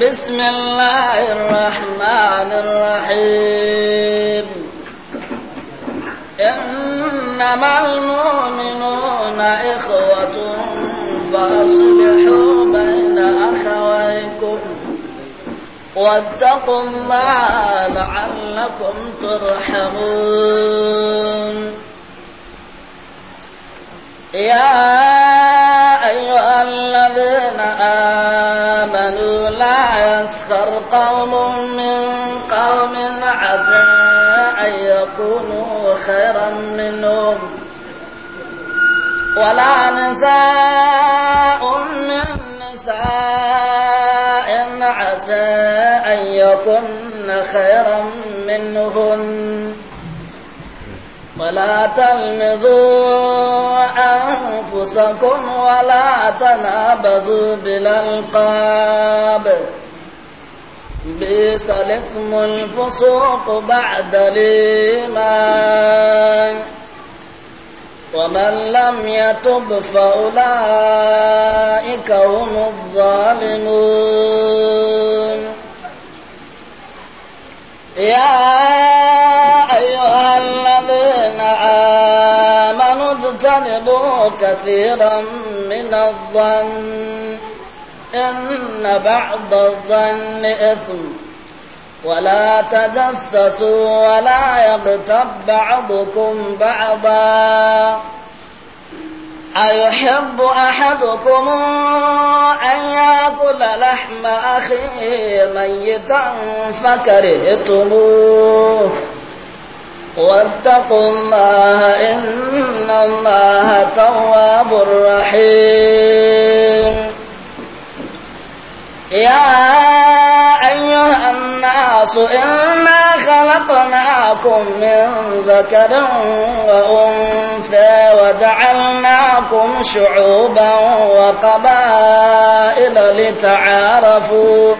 بسم الله الرحمن الرحيم إنما المؤمنون إخوة فأصلحوا بين أخويكم واتقوا الله لعلكم ترحمون يا أيها الذين آمنوا يسخر قوم من قوم عسى أن يكونوا خيرا منهم ولا نساء من نساء عسى أن يكن خيرا منهن ولا تلمزوا أنفسكم ولا تنابزوا بالألقاب بئس الإثم الفسوق بعد الإيمان ومن لم يتب فأولئك هم الظالمون يا أيها الذين آمنوا اجتنبوا كثيرا من الظن إن بعض الظن إثم ولا تجسسوا ولا يغتب بعضكم بعضا أيحب أحدكم أن يأكل لحم أخيه ميتا فكرهتموه واتقوا الله إن الله تواب رحيم يا أيها الناس إنا خلقناكم من ذكر وأنثى وجعلناكم شعوبا وقبائل لتعارفوا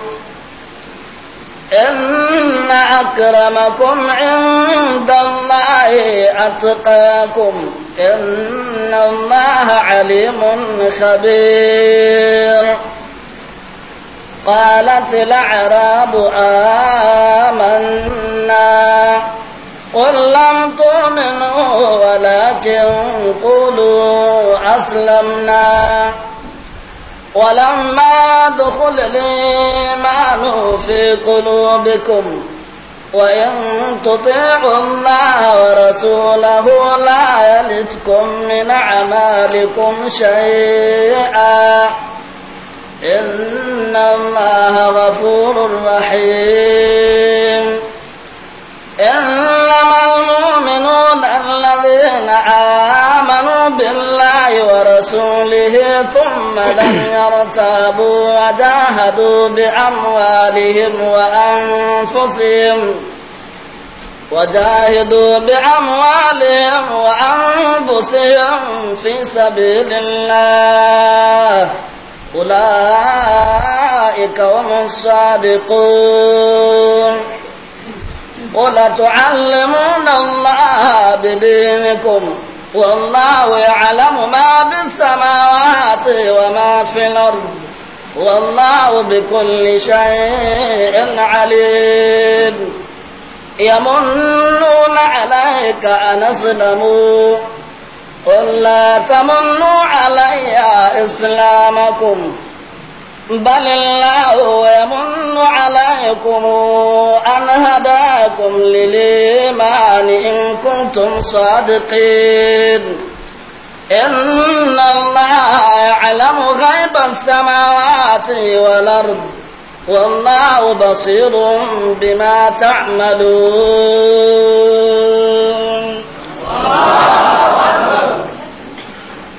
إن أكرمكم عند الله أتقاكم إن الله عليم خبير قالت الأعراب آمنا قل لم تؤمنوا ولكن قولوا أسلمنا ولما دخل الإيمان في قلوبكم وإن تطيعوا الله ورسوله لا يلتكم من أعمالكم شيئا إن الله غفور رحيم إنما المؤمنون الذين آمنوا بالله ورسوله ثم لم يرتابوا وجاهدوا بأموالهم وأنفسهم وجاهدوا بأموالهم وأنفسهم في سبيل الله أولئك هم الصادقون قل تعلمون الله بدينكم والله يعلم ما في السماوات وما في الأرض والله بكل شيء عليم يمنون عليك أن أسلموا قل لا تمنوا علي إسلامكم بل الله يمن عليكم أن هداكم للإيمان إن كنتم صادقين إن الله يعلم غيب السماوات والأرض والله بصير بما تعملون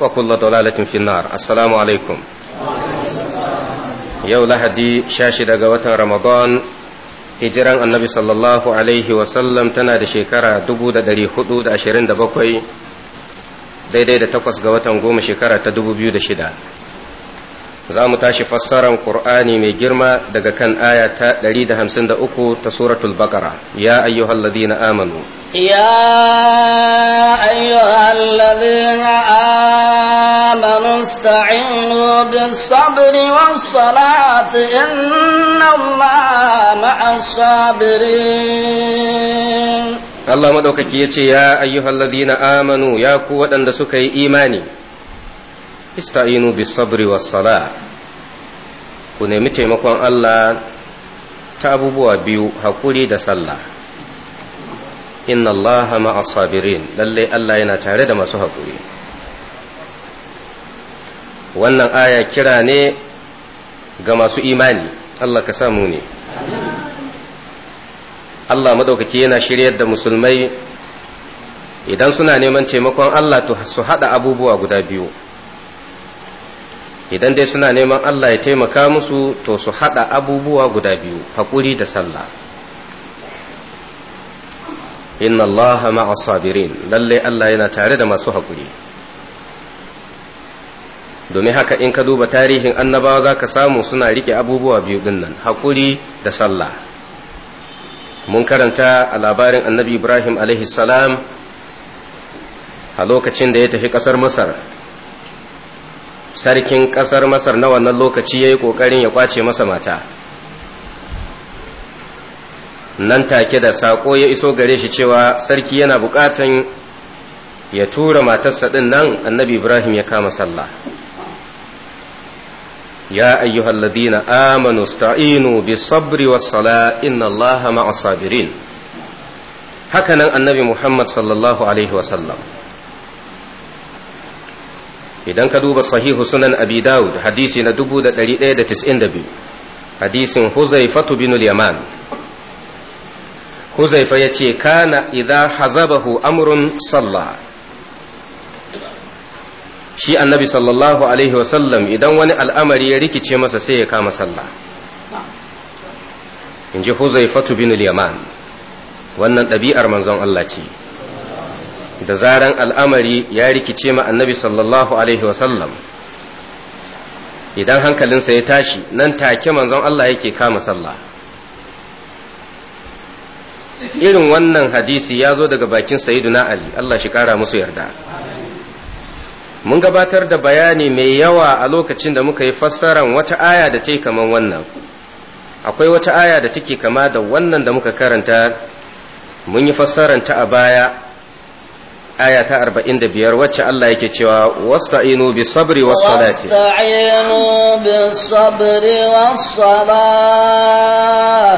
وكل ضلالة في النار السلام عليكم يو لهدي ga watan رمضان hijiran annabi sallallahu alaihi wasallam tana da shekara bakwai daidai da takwas ga watan goma shekara ta shida. za mu tashi fassaran Kur'ani mai girma daga kan aya ta 153 ta suratul Baqara ya ayyuhal ladina amanu ya ayyuhal ladina amanu ista'inu bis sabri was salati inna Allaha sabirin Allah madaukaki yace ya ayyuhal ladina amanu ya ku waɗanda suka yi imani ista'inu bis sabri was sala ku nemi taimakon Allah ta abubuwa biyu hakuri da sallah inna Allah ma'as sabirin lalle Allah yana tare da masu hakuri wannan aya kira ne ga masu imani Allah ka samu ne Allah madaukaki yana shiryar da musulmai idan suna neman taimakon Allah su haɗa abubuwa guda biyu idan dai suna neman Allah ya taimaka musu to su haɗa abubuwa guda biyu haƙuri da sallah inna Allah ma'a sabirin lalle Allah yana tare da masu haƙuri domin haka in ka duba tarihin annabawa za ka samu suna riƙe abubuwa biyu nan haƙuri da sallah mun karanta a labarin annabi ibrahim salam a lokacin da ya tafi ƙasar masar sarkin ƙasar masar na wannan lokaci ya yi ƙoƙarin ya ƙwace masa mata nan take da saƙo ya iso gare shi cewa sarki yana buƙatan ya tura matarsa ɗin nan annabi ibrahim ya kama sallah ya ayyuhal amanu sta'inu bi sabri was sala inna allaha ma'as sabirin haka nan annabi muhammad sallallahu alaihi wa sallam idan ka duba sahihu sunan abi dawud hadisi na 1192 hadisin huzaifatu bin yaman huzaifa ya ce kana idza hazabahu amrun sallah shi annabi sallallahu alaihi wasallam idan wani al'amari ya rikice masa sai ya kama sallah in ji huzaifatu bin yaman wannan ɗabi'ar manzon Allah ce da zaran al'amari ya rikice ma annabi sallallahu alaihi wasallam idan hankalinsa ya tashi nan take manzon Allah yake kama sallah irin wannan hadisi ya zo daga bakin sayyiduna Ali Allah shi kara musu yarda mun gabatar da bayani mai yawa a lokacin da muka yi fassaran wata aya da ta kaman wannan akwai wata aya da take kama da wannan da muka karanta mun yi fassarar ta a baya aya ta arba'in da biyar wacce Allah yake cewa wasta'inu bis sabri was salati wasta'inu bis sabri was salah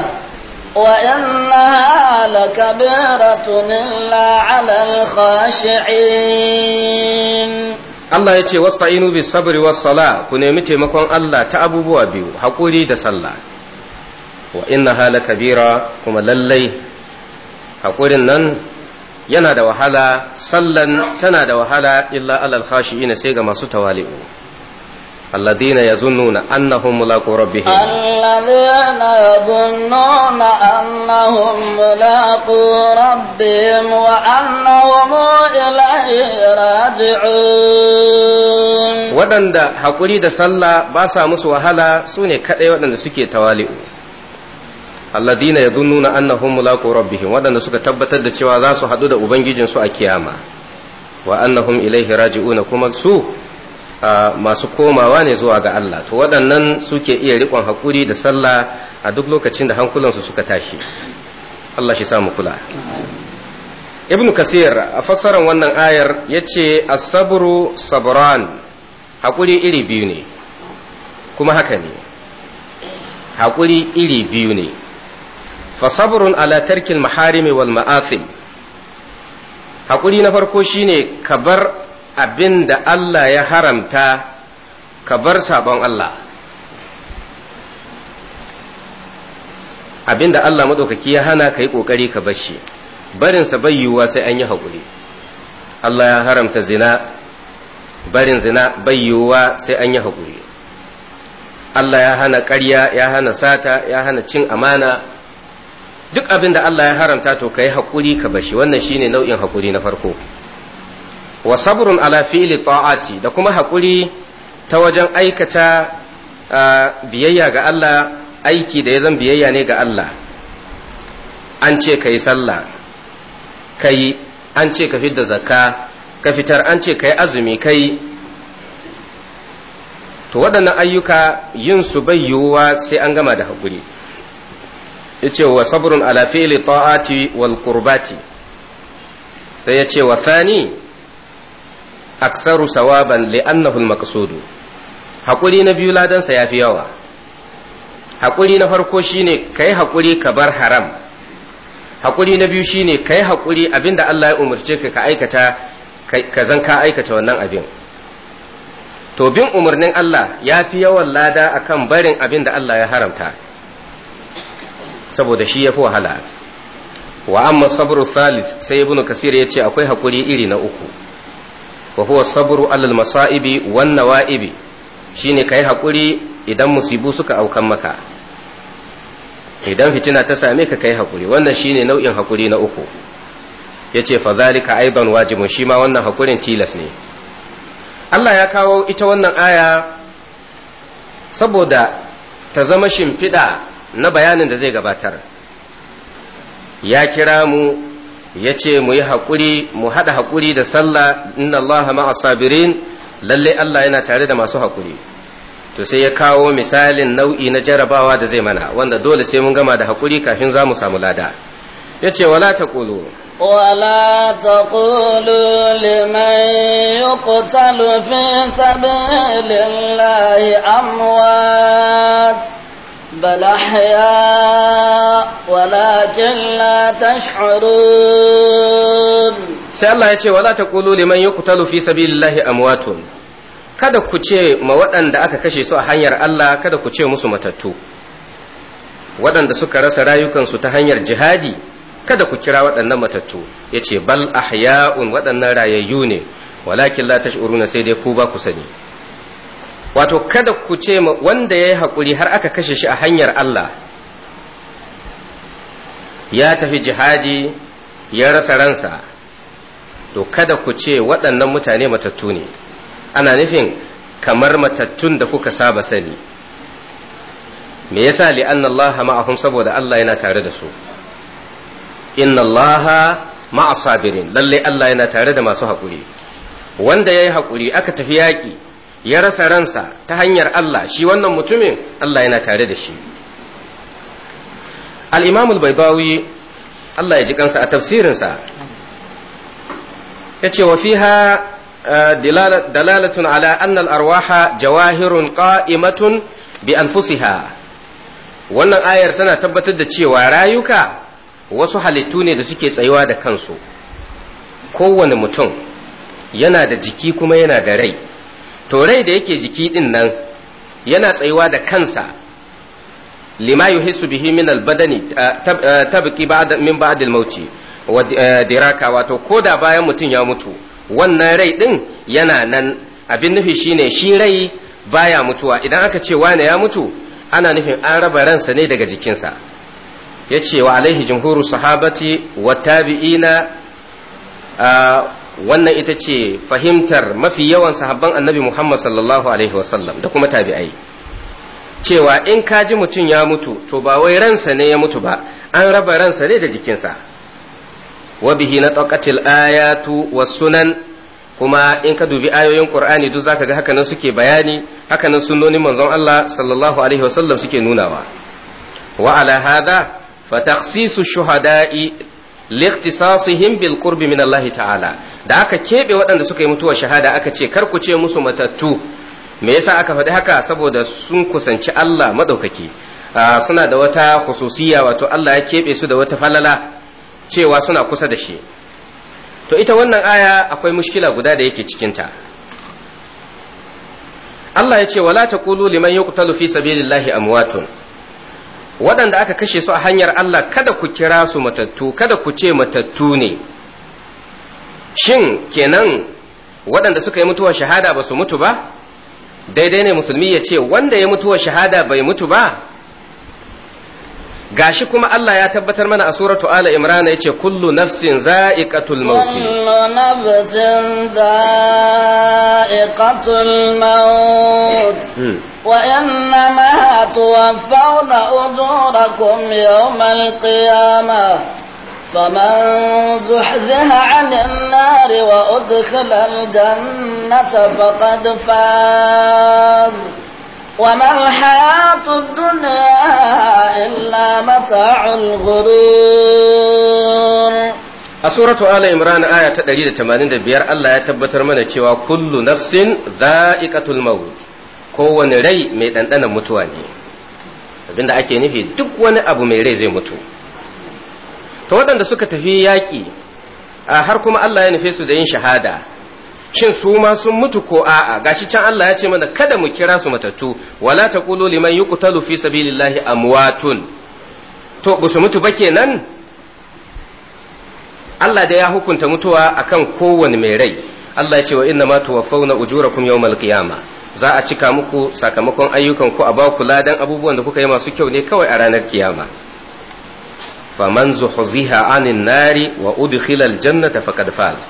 wa innaha lakabiratun illa 'alal khashi'in Allah ya ce wasta'inu bis sabri was salah ku nemi taimakon Allah ta abubuwa biyu hakuri da sallah wa hala Kabira kuma lallai haƙurin nan yana da wahala sallan tana da wahala illa alal ina sai ga masu tawali'u alladhina yazunnuna annahum mulaqu rabbihim alladhina yazunnuna annahum mulaqu rabbihim wa annahum ilayhi raji'un wadanda hakuri da sallah ba sa musu wahala sune kadai wadanda suke tawali'u alladina yadhunnuna annahum mulaqu rabbihim waɗanda suka tabbatar da cewa za su haɗu da ubangijin su a kiyama wa annahum ilaihi raji'una kuma su masu komawa ne zuwa ga Allah to waɗannan suke iya riƙon haƙuri da sallah a duk lokacin da hankulansu suka tashi Allah shi samu kula ibn kasir a fassarar wannan ayar ya ce asabru sabran haƙuri iri biyu ne kuma haka ne haƙuri iri biyu ne fa sabrun ala tarkil maharimi wal ma'asim hakuri na farko shine ka bar abin da Allah ya haramta ka bar sabon Allah abin da Allah maɗaukaki ya hana ka yi ƙoƙari ka bar shi barinsa bai yiwuwa sai an yi haƙuri Allah ya haramta zina barin zina bai yiwuwa sai an yi haƙuri Allah ya hana ƙarya ya hana sata ya hana cin amana duk abin da Allah ya haramta to kai hakuri ka bashi wannan shine nau'in hakuri na farko wa sabrun ala fi'li ta'ati da kuma hakuri ta wajen aikata biyayya ga Allah aiki da ya zan biyayya ne ga Allah an ce ka sallah Kai. an ce ka da zakka ka fitar an ce ka azumi kai. to waɗannan ayyuka yin su bai yiwuwa sai an gama da haƙuri yace wa sabrun ala fi'li ta'ati wal qurbati sai yace wa thani aksaru sawaban annahu al maqsud hakuri na biyu ladan sa yafi yawa hakuri na farko shine kai hakuri ka bar haram hakuri na biyu shine kai hakuri abinda Allah ya umurce ka aikata ka zan ka aikata wannan abin to bin umarnin Allah ya fi yawan lada akan barin abinda Allah ya haramta saboda shi yafi wahala wa amma sabru thalith sai ibn kasir yace akwai hakuri iri na uku wa huwa sabru alal masaibi wan nawaibi shine kai hakuri idan musibu suka aukan maka idan fitina ta same ka kai hakuri wannan shine nau'in hakuri na uku yace fa zalika aidan wajibun shi ma wannan hakurin tilas ne Allah ya kawo ita wannan aya saboda ta zama shimfiɗa na bayanin da zai gabatar ya kira mu ya ce mu yi haƙuri mu haɗa haƙuri da sallah inna Allah ma'a sabirin lalle Allah yana tare da masu haƙuri to sai ya kawo misalin nau'i na jarabawa da zai mana wanda dole sai mun gama da haƙuri kafin za mu samu lada ya ce wala ta ƙulu ta ƙulu لمن yi في sabi lillahi amwa بل أحياء ولكن لا تشعرون sai Allah ya ce wala ta kulu liman yuqtalu fi sabilillahi amwatun kada ku ce ma waɗanda aka kashe su a hanyar Allah kada ku ce musu matattu waɗanda suka rasa rayukansu ta hanyar jihadi kada ku kira waɗannan matattu ce bal ahya'un waɗannan rayayyu ne walakin la tash'uruna sai dai ku ba ku sani wato kada ku ce wanda ya yi haƙuri har aka kashe shi a hanyar Allah ya tafi jihadi ya rasa ransa to kada ku ce waɗannan mutane matattu ne ana nufin kamar matattun da kuka saba sani me yasa li'anna Allah ma'ahum saboda Allah yana tare da su inna Allah ma'a sabirin lalle Allah yana tare da masu haƙuri wanda yayi haƙuri aka tafi yaƙi ya rasa ransa ta hanyar Allah shi wannan mutumin Allah yana tare da shi al'imamul baibawi Allah ya ji kansa a tafsirinsa ya ce wa fiha eh, dalalatun ala annal arwaha jawahirun qa'imatun bi anfusiha wannan ayar tana tabbatar da cewa rayuka wasu halittu ne da suke tsayuwa da kansu kowane mutum yana da jiki kuma yana da rai to rai da yake jiki din nan yana tsayuwa da kansa lima yuhissu bihi min albadani eh, eh, tabqi ba'da min ba'dil mauti wa eh, diraka wato koda bayan mutum ya mutu wannan rai din yana nan abin nufi shine shi rai baya mutuwa idan aka ce wane ya mutu ana nufin an raba ransa ne daga jikinsa ya ce wa alaihi jumhuru sahabati wa tabi'ina ah, wannan ita ce fahimtar mafi yawan sahabban annabi Muhammad sallallahu alaihi wasallam da kuma tabi'ai cewa in ka ji mutum ya mutu to ba wai ransa ne ya mutu ba an raba ransa ne da jikinsa Wabihi na taqatil ayatu wa sunan kuma in ka dubi ayoyin qur'ani duk zaka ga hakanan suke bayani hakanan sunnonin manzon Allah sallallahu alaihi wasallam suke nunawa wa ala hadha fa takhsisu shuhada'i liqtisasihim bil qurbi min Allah ta'ala da aka kebe waɗanda suka yi mutuwar shahada aka ce kar ku ce musu matattu me yasa aka faɗi haka saboda sun kusanci Allah madaukaki suna da wata khususiyya wato Allah ya kebe su da wata falala cewa suna kusa da shi to ita wannan aya akwai mushkila guda da yake cikin ta Allah ya ce wala taqulu liman yuqtalu fi sabilillahi amwatun waɗanda aka kashe su a hanyar Allah kada ku kira su matattu kada ku ce matattu ne shin kenan waɗanda suka yi mutuwar shahada ba su mutu ba daidai ne musulmi ya ce wanda ya mutuwa shahada bai mutu ba gashi kuma Allah ya tabbatar mana a suratu ala imrana yace kullu nafsin za'iqatul maut kullu nafsin za'iqatul maut wa innama tuwaffawna ujurakum yawmal qiyamah فمن زحزح عن النار وأدخل الجنة فقد فاز وما الحياة الدنيا إلا متاع الغرور a suratu ala imran aya ta ɗari da 185 Allah ya tabbatar mana cewa kullu nafsin dha'iqatul maut kowane rai mai ɗanɗanan mutuwa ne abinda ake nufi duk wani abu mai rai zai mutu Ta waɗanda suka tafi yaƙi har kuma Allah ya nufe su da yin shahada shin su ma sun mutu ko a'a gashi can Allah ya ce mana kada mu kira su matattu wala taqulu liman yuqtalu fi sabilillahi amwatun to ba su mutu ba kenan Allah da ya hukunta mutuwa akan kowane mai rai Allah ya ce wa inna ma tuwaffawna ujurakum yawmal qiyamah za a cika muku sakamakon ayyukan ku a ba ku ladan abubuwan da kuka yi masu kyau ne kawai a ranar kiyama faman zuhziha anin nari wa udkhila jannata faqad faz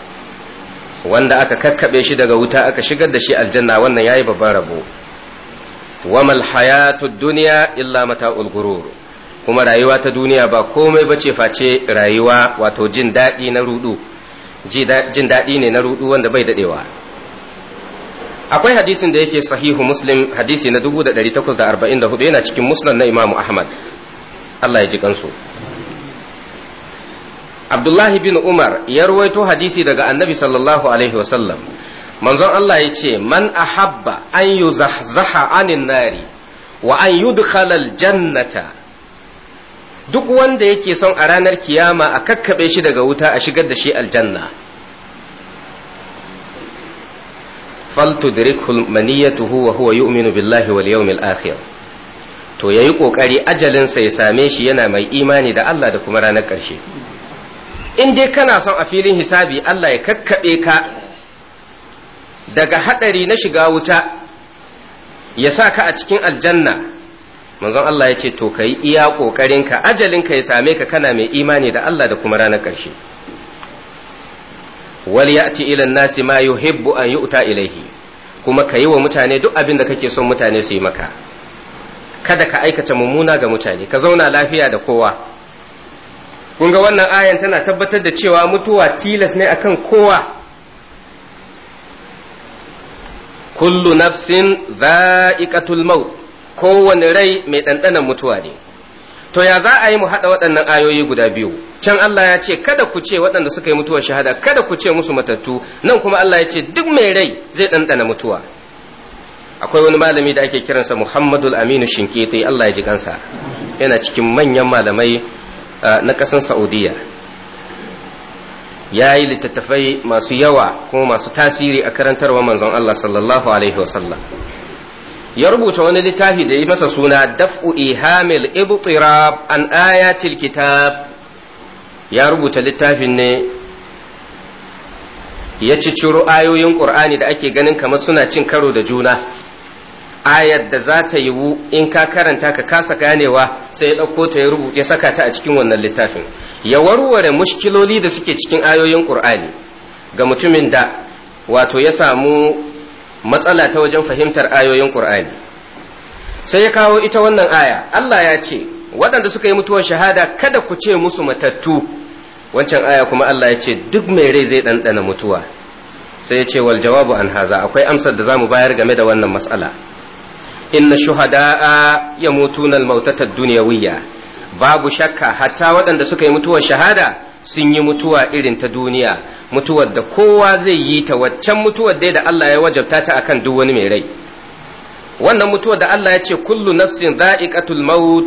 wanda aka kakkaɓe shi daga wuta aka shigar da shi aljanna wannan yayi babban rabo wamal hayatu duniya illa mata'ul gurur kuma rayuwa ta duniya ba komai bace face rayuwa wato jin daɗi na rudu jin daɗi ne na rudu wanda bai dadewa akwai hadisin da yake sahihu muslim hadisi na 1844 yana cikin musnad na imamu ahmad Allah ya ji kansu abdullahi bin umar ya ruwaito hadisi daga annabi sallallahu alaihi manzon Allah ya ce man ahabba an yi anin nari wa an yudkhalal jannata duk wanda yake son a ranar kiyama a kakkaɓe shi daga wuta a shigar da shi aljanna faltudrikhu maniyatuhu wa huwa yu'minu billahi wal yawmil akhir to yayi kokari ajalinsa ya same shi yana mai imani da Allah da kuma ranar ƙarshe in dai kana son a filin hisabi Allah ya kakkaɓe ka daga haɗari na shiga wuta ya sa ka a cikin aljanna manzon Allah ya ce to ka yi iya ƙoƙarinka ajalinka ya same ka kana mai imani da Allah da kuma ranar ƙarshe wal ya'ti ila nasi ma yuhibbu an yu'ta ilaihi kuma ka yi wa mutane duk abin da kake son mutane su yi maka kada ka aikata mummuna ga mutane ka zauna lafiya da kowa kun ga wannan ayan tana tabbatar da cewa mutuwa tilas ne akan kowa kullu nafsin za'iqatul maut kowane rai mai ɗanɗanan mutuwa ne to ya za a yi mu haɗa waɗannan ayoyi guda biyu can Allah ya ce kada ku ce waɗanda suka yi mutuwar shahada kada ku ce musu matattu nan kuma Allah ya ce duk mai rai zai ɗanɗana mutuwa akwai wani malami da ake kiransa Muhammadul Aminu Shinkiti Allah ya ji kansa yana cikin manyan malamai na ƙasar saudiya ya yi littattafai masu yawa kuma masu tasiri a karantarwa manzon Allah sallallahu alaihi wasallam ya rubuta wani littafi da yi masa suna daf'u ihamil ibtirab an ayatil kitab ya rubuta littafin ne ya ci ciro ayoyin ƙur'ani da ake ganin kamar suna cin karo da juna ayar da za ta yiwu in ka karanta ka kasa ganewa sai ya ɗauko ta ya rubuta ya saka ta a cikin wannan littafin ya warware mushkiloli da suke cikin ayoyin ƙur'ani ga mutumin da wato ya samu matsala ta wajen fahimtar ayoyin ƙur'ani sai ya kawo ita wannan aya Allah ya ce waɗanda suka yi mutuwar shahada kada ku ce musu matattu wancan aya kuma Allah ya ce duk mai rai zai ɗanɗana mutuwa sai ya ce wal jawabu an haza akwai amsar da za mu bayar game da wannan matsala inna shuhada'a يموتون الموتة الدنيوية باب babu shakka hatta waɗanda suka yi mutuwar shahada sun yi mutuwa irin ta duniya mutuwar da kowa zai yi ta waccan mutuwar dai da Allah ya wajabta ta akan duk wani mai rai wannan mutuwar da Allah ya ce kullu nafsin za'iqatul maut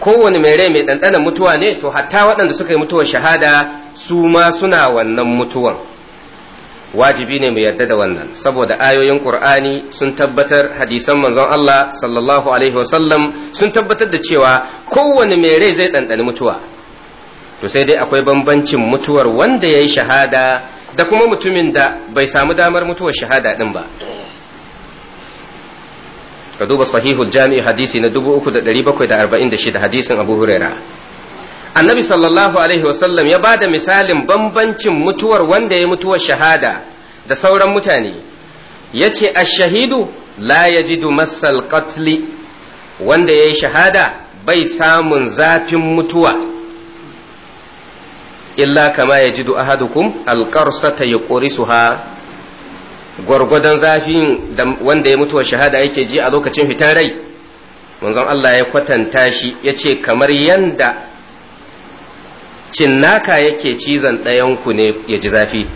kowane mai rai mai ɗanɗanan mutuwa ne to hatta waɗanda suka yi mutuwar shahada su ma suna wannan mutuwan wajibi ne mu yarda da wannan saboda ayoyin qur'ani sun tabbatar hadisan manzon Allah sallallahu alaihi wasallam sun tabbatar da cewa kowane mai rai zai ɗanɗani mutuwa to sai dai akwai bambancin mutuwar wanda ya yi shahada da kuma mutumin da bai samu damar mutuwar shahada ɗin ba ka duba sahihul jami'i hadisi na 3746 hadisin abu huraira annabi sallallahu alaihi wasallam ya ba da misalin bambancin mutuwar wanda ya mutuwar shahada da sauran mutane ya ce shahidu la ya ji qatli wanda ya yi shahada bai samun zafin mutuwa illa kama ya jidu ahadukum alƙarsata ya ƙori ha gwargwadon zafin da wanda ya mutuwa shahada yake ji a lokacin fitan rai manzon Allah ya kwatanta shi ya ce kamar yanda cinnaka yake cizon ɗayan ku ne ya ji zafi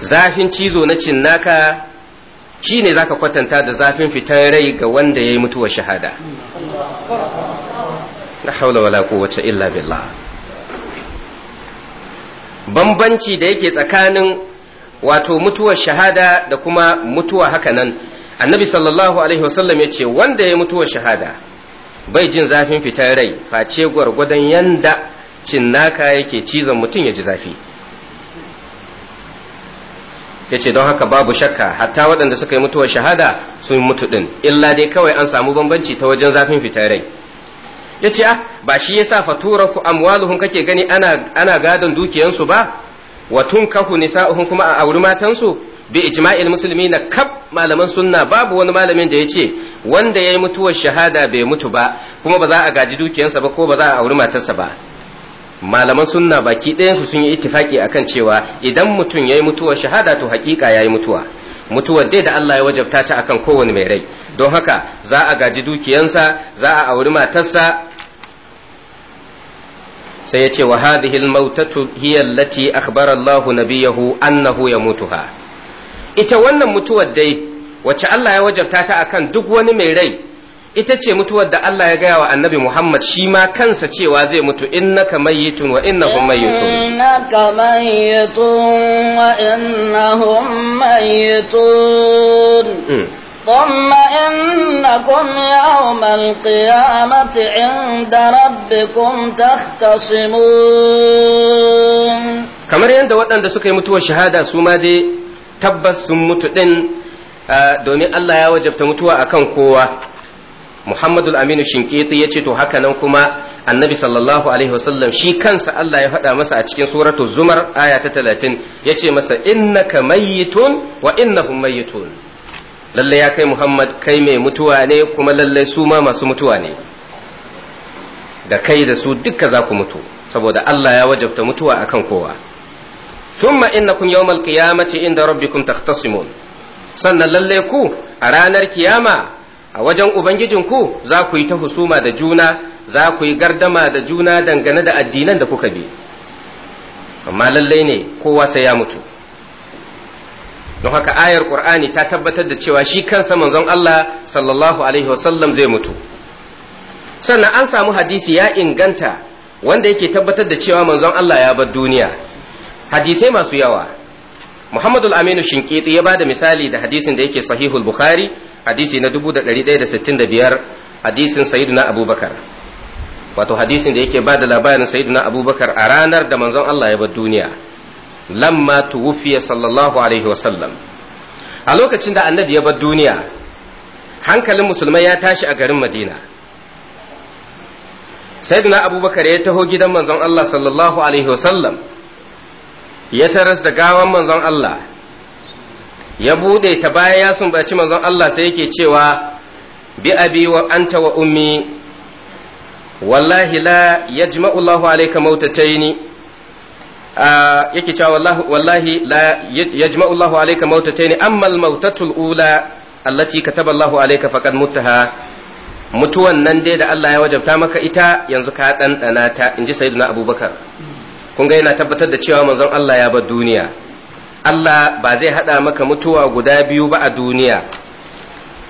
zafin cizo na cinnaka shi ne za ka kwatanta da zafin fitar rai ga wanda ya yi mutuwar shahada na haula wala quwwata illa billah bambanci da yake tsakanin wato mutuwar shahada da kuma mutuwa haka nan annabi sallallahu alaihi wasallam ya ce wanda ya yi mutuwar shahada bai jin zafin fitar rai face gwargwadon yanda cinnaka yake cizon mutum ya ji zafi ya ce don haka babu shakka hatta waɗanda suka yi mutuwar shahada sun mutu ɗin illa dai kawai an samu bambanci ta wajen zafin fitar rai ya ce ah ba shi yasa fatura ku amwaluhum kake gani ana ana gadon dukiyansu ba wa kahu nisa'uhum kuma a auri matansu bi ijma'il musulmi na kab malaman sunna babu wani malamin da ya ce wanda ya yi mutuwar shahada bai mutu ba kuma ba za a gaji dukiyansa ba ko ba za a auri matarsa ba malaman sunna baki ɗayansu sun yi ittifaki akan cewa idan mutum ya yi mutuwar shahada to haƙiƙa ya yi mutuwa mutuwar dai da Allah ya wajabta ta akan kowane mai rai don haka za a gaji dukiyansa za a auri matarsa sai ya ce wa hadhihi al-mautatu hiya allati akhbara Allahu nabiyahu annahu yamutuha ita wannan mutuwar dai wacce Allah ya wajabta ta akan duk wani mai rai ita ce mutuwar da Allah ya gaya wa annabi Muhammad shi ma kansa cewa zai mutu innaka mayyitun wa innahum mayyitun innaka mayyitun wa innahum mayyitun ثم إنكم يوم القيامة عند ربكم تختصمون kamar yadda waɗanda suka yi mutuwar shahada su ma dai tabbas sun mutu ɗin ah, domin Allah ya wajabta mutuwa akan kowa muhammadu aminu shinkiti ya ce to haka nan kuma annabi sallallahu alaihi wasallam shi kansa Allah ya faɗa masa a cikin suratul zumar aya ta talatin ya ce masa innaka mayyitun wa innahum mayyitun lalle ya kai muhammad kai mai mutuwa ne kuma lalle suma masu mutuwa ne da kai da su dukka za ku mutu saboda Allah ya wajabta mutuwa akan kowa thumma innakum yawmal qiyamati inda rabbikum takhtasimun sannan lalle ku a ranar kiyama a wajen ubangijinku za ku yi ta husuma da juna za ku yi gardama da juna dangane da addinan da kuka bi amma lallai ne kowa sai ya mutu don haka ayar qur'ani ta tabbatar da cewa shi kansa manzon Allah sallallahu alaihi wasallam zai mutu sannan an samu hadisi ya inganta wanda yake tabbatar da cewa manzon Allah ya bar duniya hadisai masu yawa Muhammadul Aminu Shinkiti ya bada misali da hadisin da yake sahihul Bukhari hadisi na 1165 hadisin sayyidina abubakar wato hadisin da yake ba da labarin sayyidina abubakar a ranar da manzon Allah ya bar duniya lamma tuwufiya sallallahu alaihi wasallam a lokacin da annabi ya bar duniya hankalin musulmai ya tashi a garin madina sayyidina abubakar ya taho gidan manzon Allah sallallahu alaihi wasallam ya taras da gawan manzon Allah ya bude ta baya ya sumbaci manzon Allah sai yake cewa bi abi wa anta wa ummi wallahi la yajma'u Allahu alayka mautataini ah, yake cewa wallahi la yajma'u Allahu alayka mautataini amma al-mautatul ula allati kataba Allahu alayka faqad mutaha mutuwan nan dai da Allah ya wajabta maka ita yanzu ka dana ta in ji sayyiduna abubakar kun ga yana tabbatar da cewa manzon Allah ya bar duniya Allah ba zai haɗa maka mutuwa guda biyu ba a duniya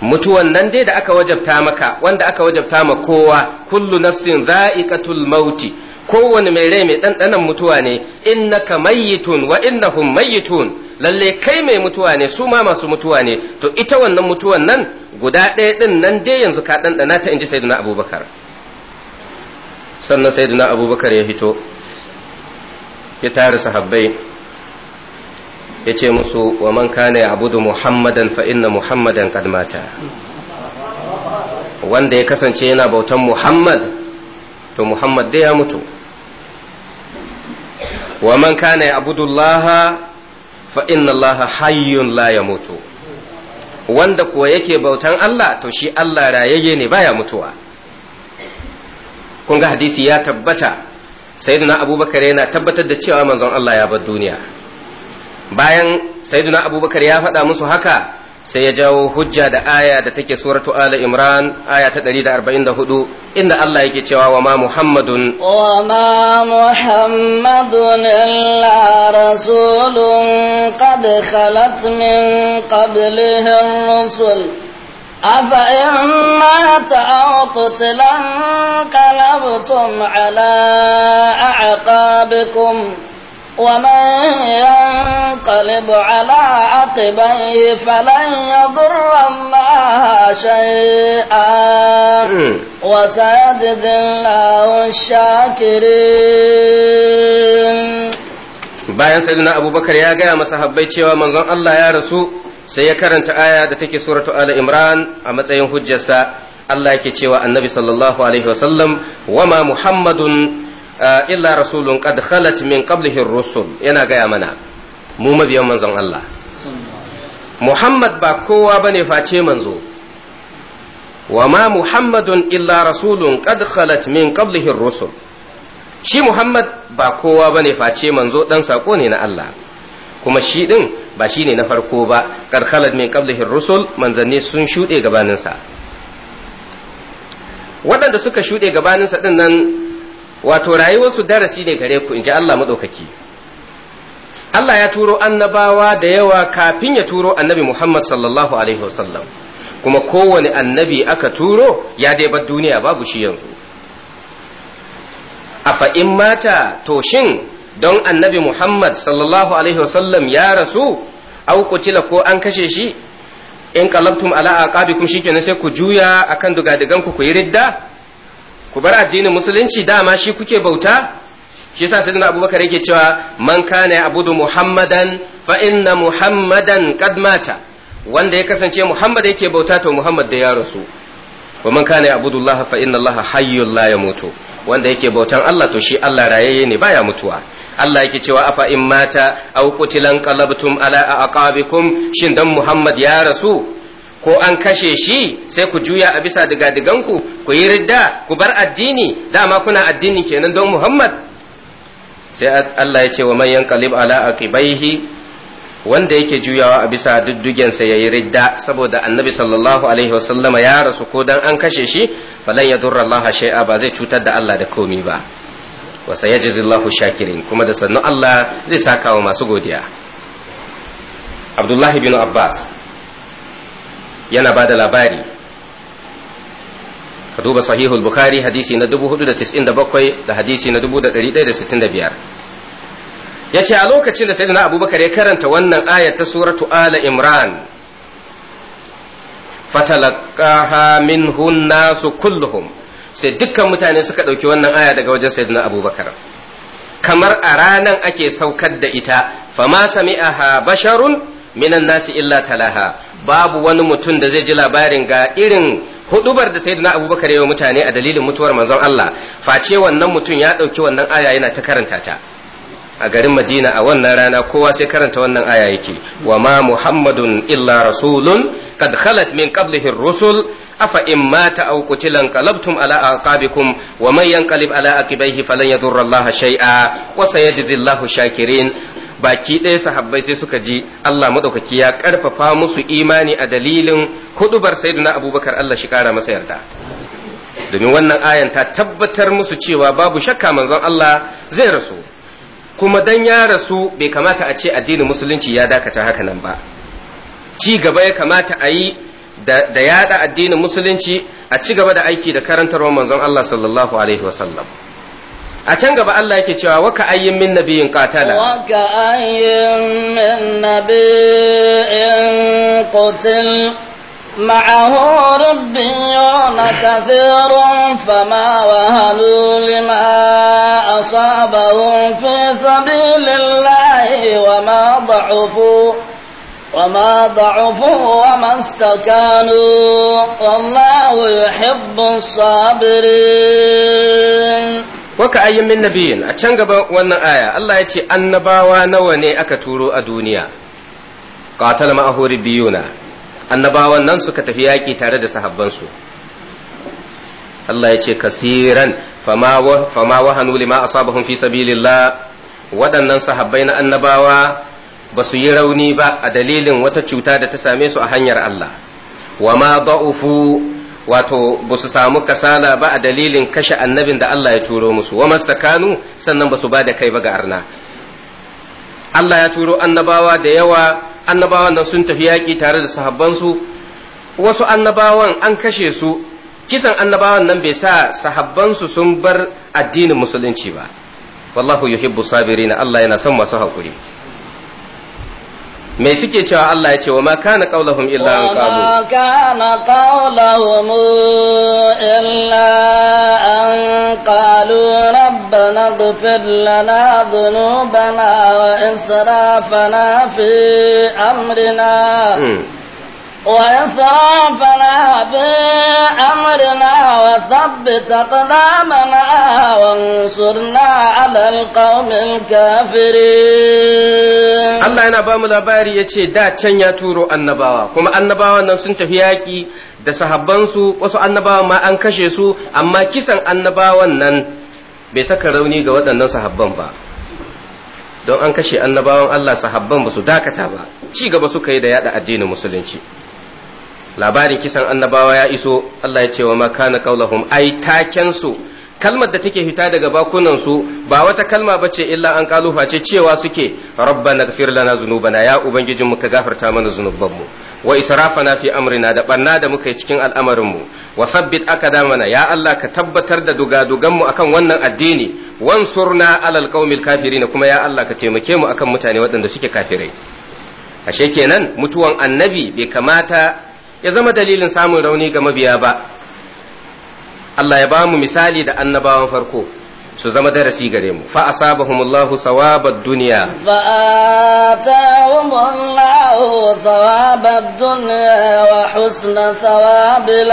mutuwan nan dai da aka wajabta maka wanda aka wajabta ma kowa kullu nafsin za'iqatul mauti kowane mai rai mai ɗanɗanan mutuwa ne innaka mayyitun wa innahum mayyitun lalle kai mai mutuwa ne su ma masu mutuwa ne to ita wannan mutuwan nan guda ɗaya ɗin nan dai yanzu ka ɗanɗana ta inji sayyidina abubakar sannan sayyidina abubakar ya fito ya tara sahabbai Ya ce musu wa man kana abudu muhammadan fa inna muhammadan kad mata wanda ya kasance yana bautan muhammad to muhammad dai ya mutu wa man kana abudu allaha fa inna allaha hayyun la yamutu wanda kuwa yake bautan Allah to shi Allah rayayye ne baya mutuwa kun ga hadisi ya tabbata sayyidina abubakar yana tabbatar da cewa manzon Allah ya bar duniya bayan sayyiduna abubakar ya faɗa musu haka sai ya jawo hujja da aya da take suratu ala imran aya ta 144 inda Allah yake cewa wa ma muhammadun wa ma muhammadun illa rasulun qad khalat min qablihi rusul أفإن مات أو قتل انقلبتم على أعقابكم ومن ينقلب على عقبيه فلن يضر الله شيئا وسيجزي الله الشاكرين bayan sayyidina abubakar ya gaya masahabbai cewa manzon Allah ya rasu sai ya karanta aya da take suratu ali imran a matsayin hujjarsa Allah yake cewa annabi sallallahu alaihi wasallam wama muhammadun illa rasulun qad khalat min qablihi rusul yana gaya mana mu mabiyan manzon Allah Muhammad ba kowa bane face manzo wa ma Muhammadun illa rasulun qad khalat min qablihi rusul shi Muhammad ba kowa bane face manzo dan sako ne na Allah kuma shi din ba shi ne na farko ba qad khalat min qablihi rusul manzanni sun shuɗe gabaninsa waɗanda suka shuɗe gabaninsa din nan wato rayuwarsu darasi ne gare ku in ji Allah maɗaukaki Allah ya turo annabawa da yawa kafin ya turo annabi Muhammad sallallahu alaihi wasallam kuma kowane annabi aka turo ya dai bar duniya babu shi yanzu a in mata to shin don annabi Muhammad sallallahu alaihi wasallam ya rasu au ko an kashe shi in kalabtum ala aqabikum shikenan sai ku juya akan dugadigan ku ku yi ridda ku bar addinin musulunci dama shi kuke bauta shi yasa sayyidina abubakar yake cewa man kana ya'budu muhammadan fa inna muhammadan qad mata wanda ya kasance muhammad yake bauta to muhammad da ya rasu wa man kana ya'budu allah fa inna allah hayyul la yamutu wanda yake bautan allah to shi allah rayayye ne baya mutuwa Allah yake cewa afa in mata aw qutilan qalabtum ala aqabikum shin dan Muhammad ya rasu ko an kashe shi sai ku juya a bisa digadiganku ku yi ridda ku bar addini dama kuna addini kenan don Muhammad sai Allah ya ce wa man yanqalib ala aqibaihi wanda yake juyawa a bisa duddugensa ya yi ridda saboda annabi sallallahu alaihi wasallama ya rasu ko dan an kashe shi falan ya durra Allah shay'a ba zai cutar da Allah da komi ba wa sayajizillahu shakirin kuma da sannu Allah zai saka wa masu godiya Abdullahi bin Abbas yana ba da labari ka duba sahihul bukhari hadisi na 497 da hadisi na 1165 ya ce a lokacin da sayyidina abubakar ya karanta wannan ayat ta suratu ala imran fatalaqaha minhun nasu kulluhum sai dukkan mutane suka ɗauki wannan aya daga wajen sayyidina abubakar kamar a ranan ake saukar da ita fama sami'aha basharun minan nasi illa talaha babu wani mutum da zai ji labarin ga irin hudubar da sayyidina abubakar ya mutane a dalilin mutuwar manzon Allah face wannan mutum ya ɗauki wannan aya yana ta karanta ta a garin madina a wannan rana kowa sai karanta wannan aya yake wa ma muhammadun illa rasulun kad khalat min qablihi rusul afa in mata aw qutila qalabtum ala aqabikum wa man yanqalib ala aqibaihi falan yadurra Allah shay'a wa sayajzi allahu shakirin baki ɗaya sahabbai sai suka ji Allah maɗaukaki ya ƙarfafa musu imani a dalilin hudubar sayyidina abubakar Allah shi ƙara masa yarda domin wannan ayan ta tabbatar musu cewa babu shakka manzon Allah zai rasu kuma dan ya rasu bai kamata a ce addinin musulunci ya dakata haka nan ba ci gaba ya kamata a yi da yada addinin musulunci a ci gaba da aiki da karantarwa manzon Allah sallallahu alaihi wasallam a can gaba Allah yake cewa waka ayyin min nabiyin qatala waka ayyin min nabiyin qutil معه ربيون كثير فما وهنوا لما أصابهم في سبيل الله وما ضعفوا وما ضعفوا وما استكانوا والله يحب الصابرين waka ayyin min nabiyin a can gaba wannan aya Allah ya ce annabawa nawa ne aka turo a duniya qatal ma'ahu na annabawan nan suka tafi yaki tare da sahabbansu Allah ya ce kasiran fama wahanu lima asabahum fi sabilillah waɗannan sahabbai na annabawa ba su yi rauni ba a dalilin wata cuta da ta same su a hanyar Allah wa ma da'ufu wato ba su samu kasala ba a dalilin kashe annabin da Allah ya turo musu wa mastakanu sannan ba su ba da kai ba ga arna Allah ya turo annabawa da yawa annabawan nan sun tafi yaƙi tare da sahabbansu wasu annabawan an kashe su kisan annabawan nan bai sa sahabbansu sun bar addinin musulunci ba wallahu yuhibbu sabirin Allah yana son masu haƙuri me suke cewa Allah ya ce wa ma kana qaulahum illa an qalu wa kana qaulahum illa an qalu rabbana ighfir lana dhunubana wa israfana fi amrina hmm. وإسرافنا في وثبت أقدامنا وانصرنا على القوم الكافرين Allah yana ba mu labari ya ce da can ya turo annabawa kuma annabawan nan sun tafi yaƙi da sahabbansu wasu annabawan ma an kashe su amma kisan annabawan nan bai saka rauni ga waɗannan sahabban ba don an kashe annabawan Allah sahabban ba su dakata ba ci gaba suka yi da yada addinin musulunci labarin kisan annabawa ya iso Allah ya ce wa makana qaulahum ai taken su kalmar da take fita daga bakunan su ba wata kalma bace illa an kalu face cewa suke rabbana ighfir lana zunubana ya ubangijin muka gafarta mana zunubanmu wa israfana fi amrina da banna da muka yi cikin al'amarin mu wa sabbit akadamana ya Allah ka tabbatar da dugadugan mu akan wannan addini wansurna alal qaumil kafirin kuma ya Allah ka taimake mu akan mutane waɗanda suke kafirai ashe kenan mutuwan annabi bai kamata ya zama dalilin samun rauni ga mabiya ba Allah ya ba mu misali da annabawan farko su zama darasi gare mu fa asabahumullahu sawabad dunya fa atahumullahu sawabad dunya wa husna sawabil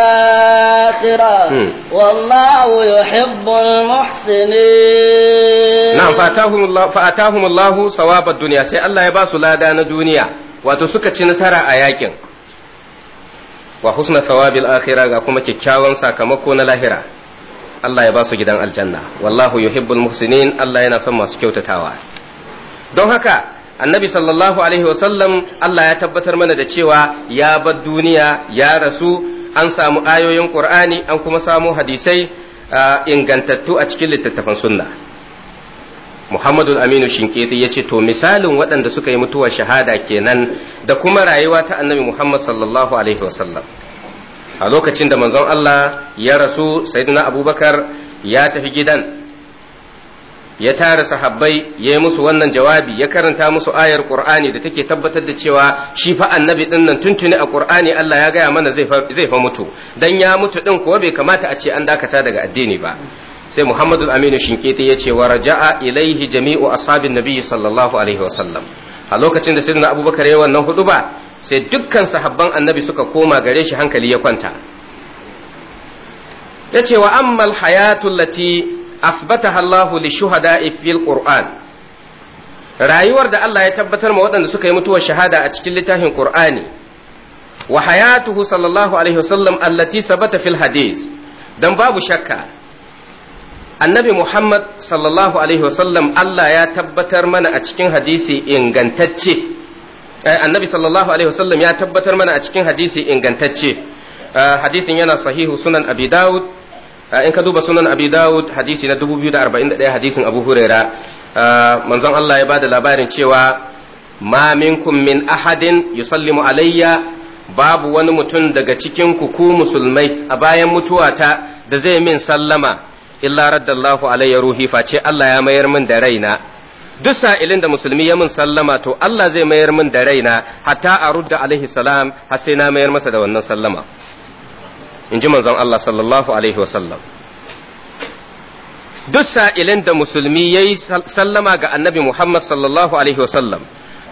akhirah hmm. wallahu yuhibbul muhsinin na'am fa atahumullahu fa atahumullahu sawabad dunya sai Allah ya ba su lada na duniya wato suka ci nasara a yakin wa husna thawabil akhirah ga kuma kyakkyawan sakamako na lahira Allah ya ba su gidan aljanna wallahu yuhibbul muhsinin Allah yana son masu kyautatawa don haka annabi sallallahu alaihi wasallam Allah ya tabbatar mana da cewa ya bar duniya ya rasu an samu ayoyin qur'ani an kuma samu hadisai ah, ingantattu a cikin littattafan sunna Muhammadu Aminu Shinketi ya ce to misalin waɗanda suka yi mutuwar shahada kenan da kuma rayuwa ta annabi Muhammad sallallahu alaihi wasallam a lokacin da manzon Allah ya rasu sayyidina Abubakar ya tafi gidan ya tara sahabbai ya yi musu wannan jawabi ya karanta musu ayar Qur'ani da take tabbatar da cewa shi fa annabi ɗin nan tuntuni a Qur'ani Allah ya gaya mana zai fa mutu don ya mutu ɗin kuwa bai kamata a ce an dakata daga addini ba sai muhammadu aminu shinkiti ya ce wa raja'a ilaihi jami'u ashabin nabi sallallahu alaihi wasallam a lokacin da sayyidina abubakar ya wannan hudu ba sai dukkan sahabban annabi suka koma gare shi hankali ya kwanta ya ce wa ammal hayatu lati asbataha Allahu li shuhada'i fil qur'an rayuwar da Allah ya tabbatar ma waɗanda suka yi mutuwar shahada a cikin littafin qur'ani wa hayatuhu sallallahu alaihi wasallam allati sabata fil hadis dan babu shakka annabi Muhammad sallallahu alaihi wasallam Allah ya tabbatar mana a cikin hadisi ingantacce eh, annabi sallallahu alaihi wasallam ya tabbatar mana a cikin hadisi ingantacce eh, hadisin yana sahihu sunan abi dawud eh, in ka duba sunan abi dawud hadisi na 2041 hadisin abu huraira manzon Allah ya bada labarin cewa ma minkum min ahadin yusallimu alayya babu wani mutum daga cikin ku musulmai a bayan mutuwata da zai min sallama illa raddallahu alayya ruhi face Allah ya mayar min da raina duk sa'ilin da musulmi ya min sallama to Allah zai mayar min da raina hatta a rudda alaihi salam har sai na mayar masa da wannan sallama in ji manzon Allah sallallahu alaihi wa sallam duk sa'ilin da musulmi ya yi sallama ga annabi Muhammad sallallahu alaihi wa sallam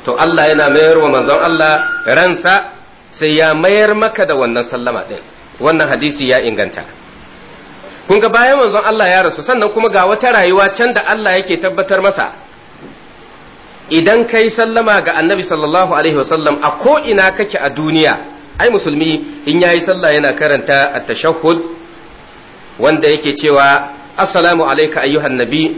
to Allah yana mayar wa manzon Allah ransa sai ya mayar maka da wannan sallama din wannan hadisi ya inganta kun ga bayan manzon Allah ya rasu sannan kuma ga wata rayuwa can da Allah yake tabbatar masa idan kai sallama ga annabi sallallahu alaihi wasallam a ko ina kake a duniya ai musulmi in yayi sallah yana karanta at-tashahhud wanda yake cewa assalamu alayka ayyuhan nabi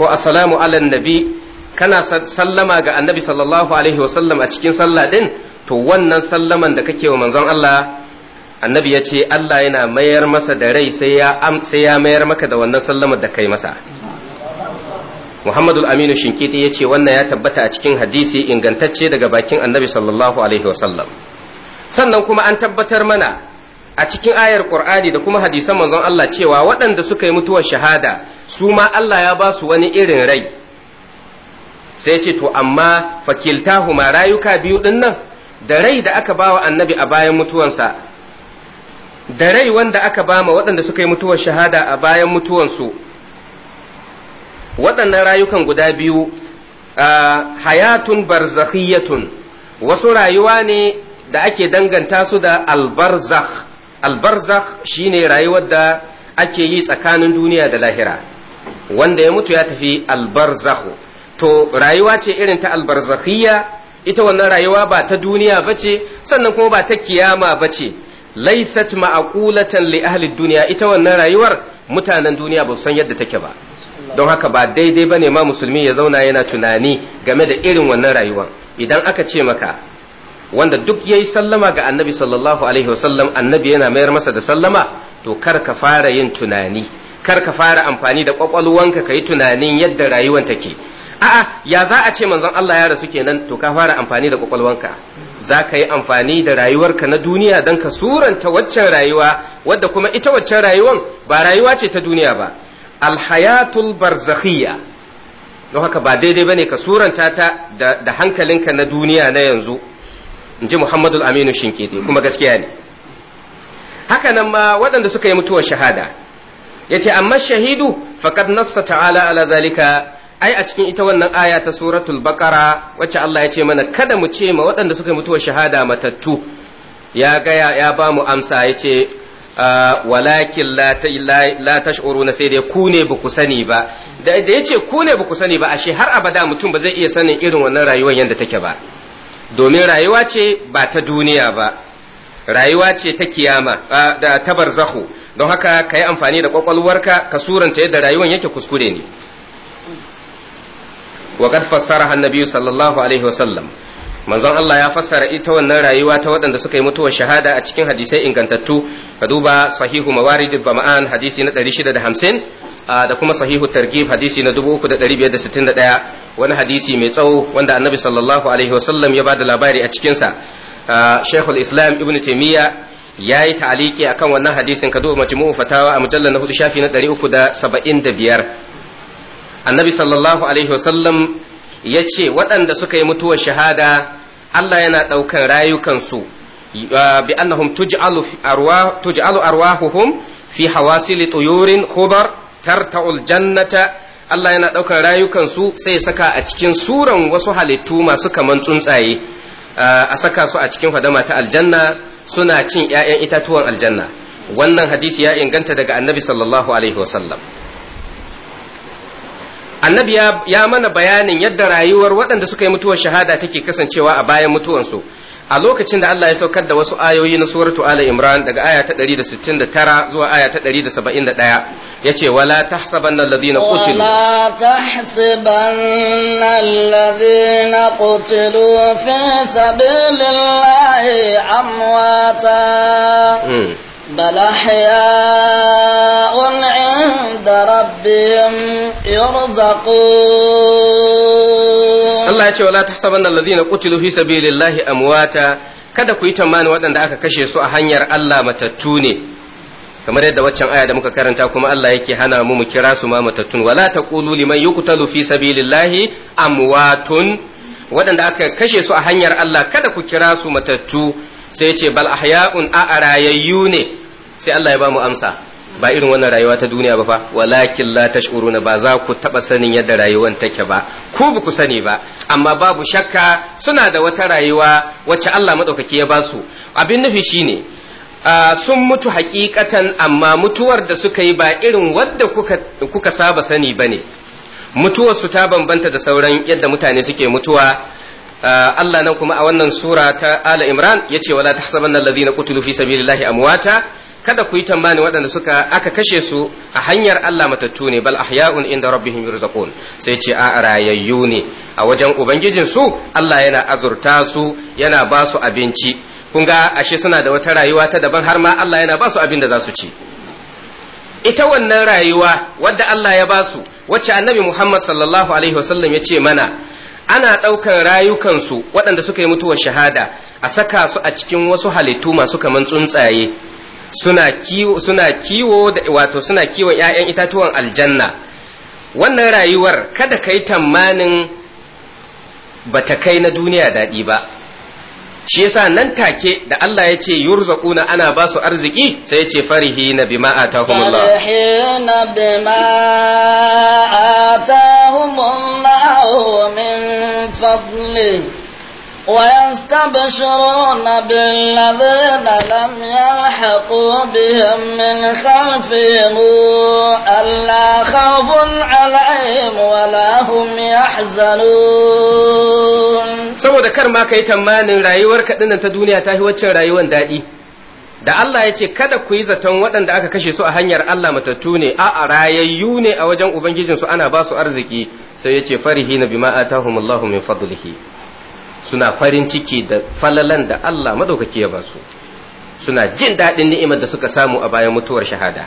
ko assalamu ala nabi kana sallama ga annabi sallallahu alaihi wasallam a cikin sallah din to wannan sallaman da kake wa manzon Allah annabi ya ce Allah yana mayar masa da rai sai ya mayar maka da wannan sallamar da kai masa Muhammadu Aminu Shinkiti ya ce wannan ya tabbata a cikin hadisi ingantacce daga bakin annabi sallallahu alaihi wasallam sannan kuma an tabbatar mana a cikin ayar Qur'ani da kuma hadisan manzon Allah cewa waɗanda suka yi mutuwar shahada su ma Allah ya ba su wani irin rai sai ce to amma ma rayuka biyu ɗin nan da rai da aka bawa annabi a bayan mutuwansa da rai wanda aka bama waɗanda suka yi mutuwar shahada a bayan mutuwansu waɗannan rayukan guda biyu hayatun barzakhiyatun wasu rayuwa ne da ake danganta su da albarzakh albarzakh shine rayuwar da ake yi tsakanin duniya da lahira wanda ya mutu ya tafi albarzakhu to rayuwa ce irin ta albarzakhiyya ita wannan rayuwa ba ta duniya bace sannan kuma ba ta kiyama bace Laisat ma'qulatan li ahli dunya ita wannan rayuwar mutanen duniya ba san yadda take ba don haka ba daidai bane ma musulmi ya zauna yana tunani game da irin wannan rayuwar idan aka ce maka wanda duk yayi sallama ga annabi sallallahu alaihi wasallam annabi yana mayar masa da sallama to kar ka fara yin tunani kar ka fara amfani da kwakwalwanka ka yi tunanin yadda rayuwar take a'a ya za a ce manzon Allah ya rasu kenan to ka fara amfani da kwakwalwanka za ka yi amfani da rayuwarka na duniya don ka suranta waccan rayuwa wadda kuma ita waccan rayuwan ba rayuwa ce ta duniya ba alhayatul barzakhiyya don haka ba daidai ba ne ka suranta ta da hankalinka na duniya na yanzu in ji muhammadul aminu shinkidi kuma gaskiya ne Hakanan ma waɗanda suka yi mutuwar shahada ya ce amma shahidu fakat nassa ta'ala ala zalika ai a cikin ita wannan aya ta suratul baqara wacce Allah ya ce mana kada mu ce ma waɗanda suka yi mutuwar shahada matattu ya gaya ya ba mu amsa ya ce ah, walakin la tash'uruna sai dai ku ne ku sani ba da ya ce ku ne ku sani ba ashe har abada mutum ba zai iya sanin irin wannan rayuwar yadda take ba domin rayuwa ce ba ta duniya ba rayuwa ce ta kiyama ah, da ta barzahu don haka ka yi amfani da kwakwalwarka ka suranta yadda rayuwar yake kuskure ne wa qad fassaraha annabi sallallahu alaihi wasallam manzon Allah ya fassara ita wannan rayuwa ta waɗanda suka yi mutuwar shahada a cikin hadisai ingantattu ka duba sahihu mawaridul bama'an hadisi na 650 da kuma sahihu targhib hadisi na 3561 wani hadisi mai tsawo wanda annabi sallallahu alaihi wasallam ya bada labari a cikin sa shaykhul islam ibnu taymiya yi ta'aliki akan wannan hadisin ka duba majmu'u fatawa a mujallal na 4 shafi na 375 annabi sallallahu alaihi wasallam ya ce waɗanda suka yi mutuwar shahada Allah yana ɗaukar rayukansu bi annahum tuj'alu arwahuhum fi hawasil tuyurin khudar tarta'ul jannata Allah yana ɗaukar rayukansu sai ya saka a cikin suran wasu halittu masu kaman tsuntsaye a saka su a cikin fadama ta aljanna suna cin 'ya'yan itatuwan aljanna wannan hadisi ya inganta daga annabi sallallahu alaihi wasallam annabi ya mana bayanin yadda rayuwar waɗanda suka yi mutuwar shahada take kasancewa a bayan mutuwansu a lokacin da Allah ya saukar da wasu ayoyi na suratu ala imran daga aya ta 169 zuwa aya ta 171 yace wala tahsabanna alladhina qutilu wala tahsabanna alladhina qutilu fi sabilillahi amwata hmm. بل أحياء عند ربهم يرزقون الله يقول لا تحسبن الذين قتلوا في سبيل الله أمواتا kada ku yi tamani waɗanda aka kashe su a hanyar Allah matattu ne kamar yadda waccan aya da muka karanta kuma Allah yake hana mu mu kira su ma matattun wala taqulu liman yuqtalu fi sabilillahi amwatun waɗanda aka kashe su a hanyar Allah kada ku kira su matattu sai ce bal ahya'un a rayayyu ne sai Allah ya ba mu amsa ba irin wannan rayuwa ta duniya ba fa walakin la tash'uruna ba za ku taba sanin yadda rayuwar take ba ku ba ku sani ba amma babu shakka suna da wata rayuwa wacce Allah madaukaki ya ba su abin nufi shine sun mutu hakikatan amma mutuwar da suka yi ba irin wadda kuka saba sani bane su ta bambanta da sauran yadda mutane suke mutuwa Allah nan kuma a wannan sura ta Ala Imran ya ce wala tahsabanna alladhina qutilu fi sabilillahi amwata kada ku yi tambani waɗanda suka aka kashe su a hanyar Allah matattu ne bal ahya'un inda rabbihim yurzaqun sai ce a rayayyu ne a wajen ubangijin su Allah yana azurta su yana ba su abinci kun ga ashe suna da wata rayuwa ta daban har ma Allah yana ba su abin da za su ci ita wannan rayuwa wadda Allah ya ba su wacce annabi Muhammad sallallahu alaihi wasallam ya ce mana ana ɗaukar rayukansu waɗanda suka yi mutuwar shahada a saka su a cikin wasu halittu masu kaman tsuntsaye suna kiwo da wato suna kiwo 'ya'yan itatuwan aljanna wannan rayuwar kada ka yi tammanin bata kai na duniya daɗi ba shi yasa nan take da Allah yace ce yurzaquna ana ba su arziki sai yace farihi farihina bima atahumullah farihina bima atahumullah min fadlihi ويستبشرون بالذين لم يلحقوا بهم من خلفهم ألا خوف عليهم ولا هم يحزنون saboda kar ma kai tamanin rayuwar kaɗinan ta duniya ta fi waccan rayuwar daɗi da Allah ya ce kada ku yi zaton waɗanda aka kashe su a hanyar Allah matattu ne a'a rayayyu ne a wajen ubangijinsu ana ba su arziki sai ya ce farihi na bima min fadlihi suna farin ciki da falalan da Allah maɗaukaki ya ba su suna jin daɗin ni'imar da suka samu a bayan mutuwar shahada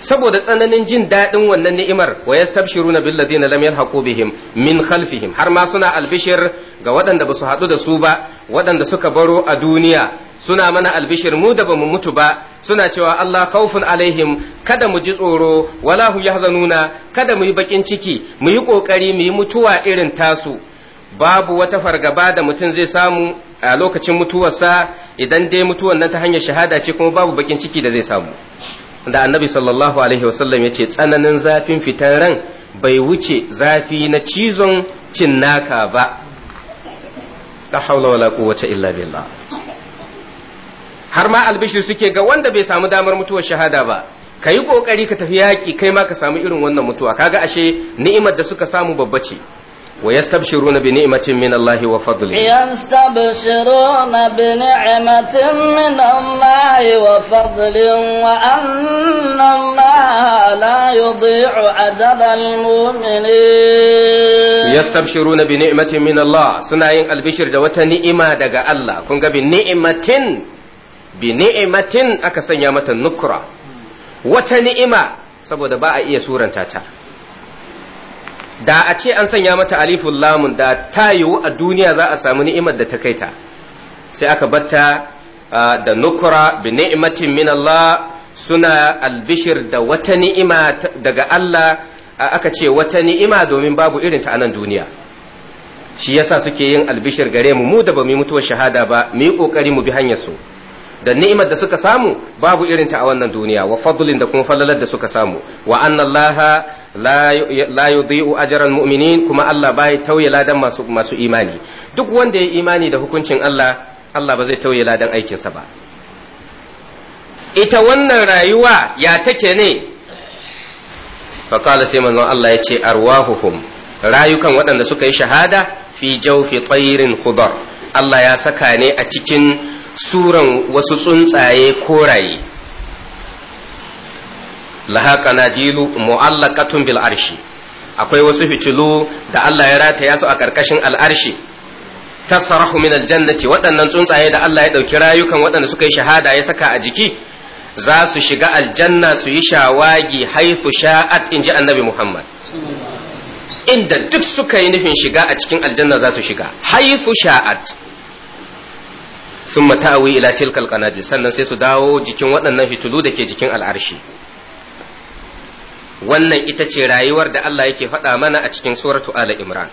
saboda tsananin jin daɗin wannan ni'imar wa yastabshiruna billadina lam yalhaqu bihim min khalfihim har ma suna albishir ga waɗanda ba su haɗu da su ba waɗanda suka baro a duniya suna mana albishir mu da bamu mutu ba suna cewa Allah khawfun alaihim kada mu ji tsoro wala hu yahzanuna kada mu yi bakin ciki mu yi kokari mu yi mutuwa irin tasu babu wata fargaba da mutum zai samu a lokacin mutuwarsa idan dai mutuwan nan ta hanyar shahada ce kuma babu bakin ciki da zai samu da annabi sallallahu alaihi wasallam ya ce tsananin zafin fitan ran bai wuce zafi na cizon cinnaka ba ta haula wala quwwata illa billah har ma albishir suke ga wanda bai samu damar mutuwar shahada ba ka yi kokari ka tafi yaƙi kai ma ka samu irin wannan mutuwa kaga ashe ni'imar da suka samu babba ce ويستبشرون بنعمة من الله وفضل يستبشرون بنعمة من الله وفضل وأن الله لا يضيع أجر المؤمنين يستبشرون بنعمة من الله سنعين البشر دوت نعمة دقا الله كنغا بنعمة بنعمة أكسن يامة النكرة وتنعمة سبو دباء إيه سورة تاتا da a ce an sanya mata alifun lamun da ta yiwu a duniya za a samu ni'imar da ta kai ta sai aka batta da nukura bi ni'matin min Allah suna albishir da wata ni'ima daga Allah aka ce wata ni'ima domin babu irin ta anan duniya shi yasa suke yin albishir gare mu mu da ba mu mutuwar shahada ba mu yi kokari mu bi hanyar su da ni'imar da suka samu babu irin ta a wannan duniya wa fadlin da kuma falalar da suka samu wa anna la yudhi'u ajran mu'minin kuma Allah bai tauye ladan masu masu imani duk wanda ya imani da hukuncin Allah Allah ba zai tauye ladan aikinsa ba ita wannan rayuwa ya take ne faƙala sai manzon Allah ya ce arwahuhum rayukan waɗanda suka yi shahada fi jawfi tayrin khudar Allah ya saka ne a cikin suran wasu tsuntsaye koraye laha qanadilu mu'allaqatun bil arshi akwai wasu fitilu da Allah ya rataya su a ƙarƙashin al'arshi tasrahu min aljannati waɗannan tsuntsaye da Allah ya ɗauki rayukan waɗanda suka yi shahada ya saka a jiki za su shiga aljanna su yi shawagi haifu sha'at in ji annabi Muhammad inda duk suka yi nufin shiga a cikin aljanna za su shiga haifu sha'at sun matawi ila tilkal sannan sai su dawo jikin waɗannan fitulu da ke jikin al'arshi wannan ita ce rayuwar da Allah yake faɗa mana a cikin suratu ala imran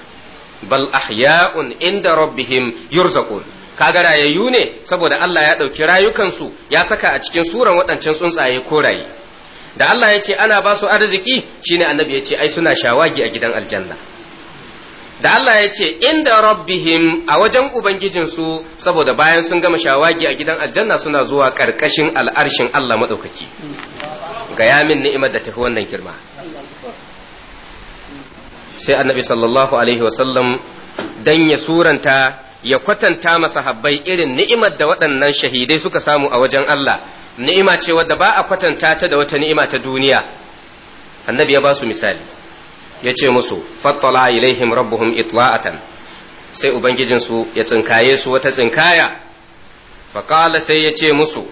bal ahya'un inda rabbihim yurzaqun kaga rayayyu ne saboda Allah ya ɗauki rayukansu ya saka a cikin suran waɗancan tsuntsaye ko raye da Allah ya ce ana ba su arziki shine annabi ya ce ai suna shawagi a gidan aljanna da Allah ya ce inda rabbihim a wajen ubangijinsu saboda bayan sun gama shawagi a gidan aljanna suna zuwa karkashin al'arshin Allah maɗaukaki ga yamin ni'imar da tafi wannan girma sai annabi sallallahu alaihi wasallam dan ya suranta ya kwatanta masa Habbai irin ni'imar da waɗannan shahidai suka samu a wajen Allah ni'ima ce wadda ba a kwatanta ta da wata ni'ima ta duniya annabi ya ba su misali ya ce musu fattala ilaihim rabbuhum itla'atan sai ubangijinsu ya tsinkaye su wata tsinkaya faƙala sai ya ce musu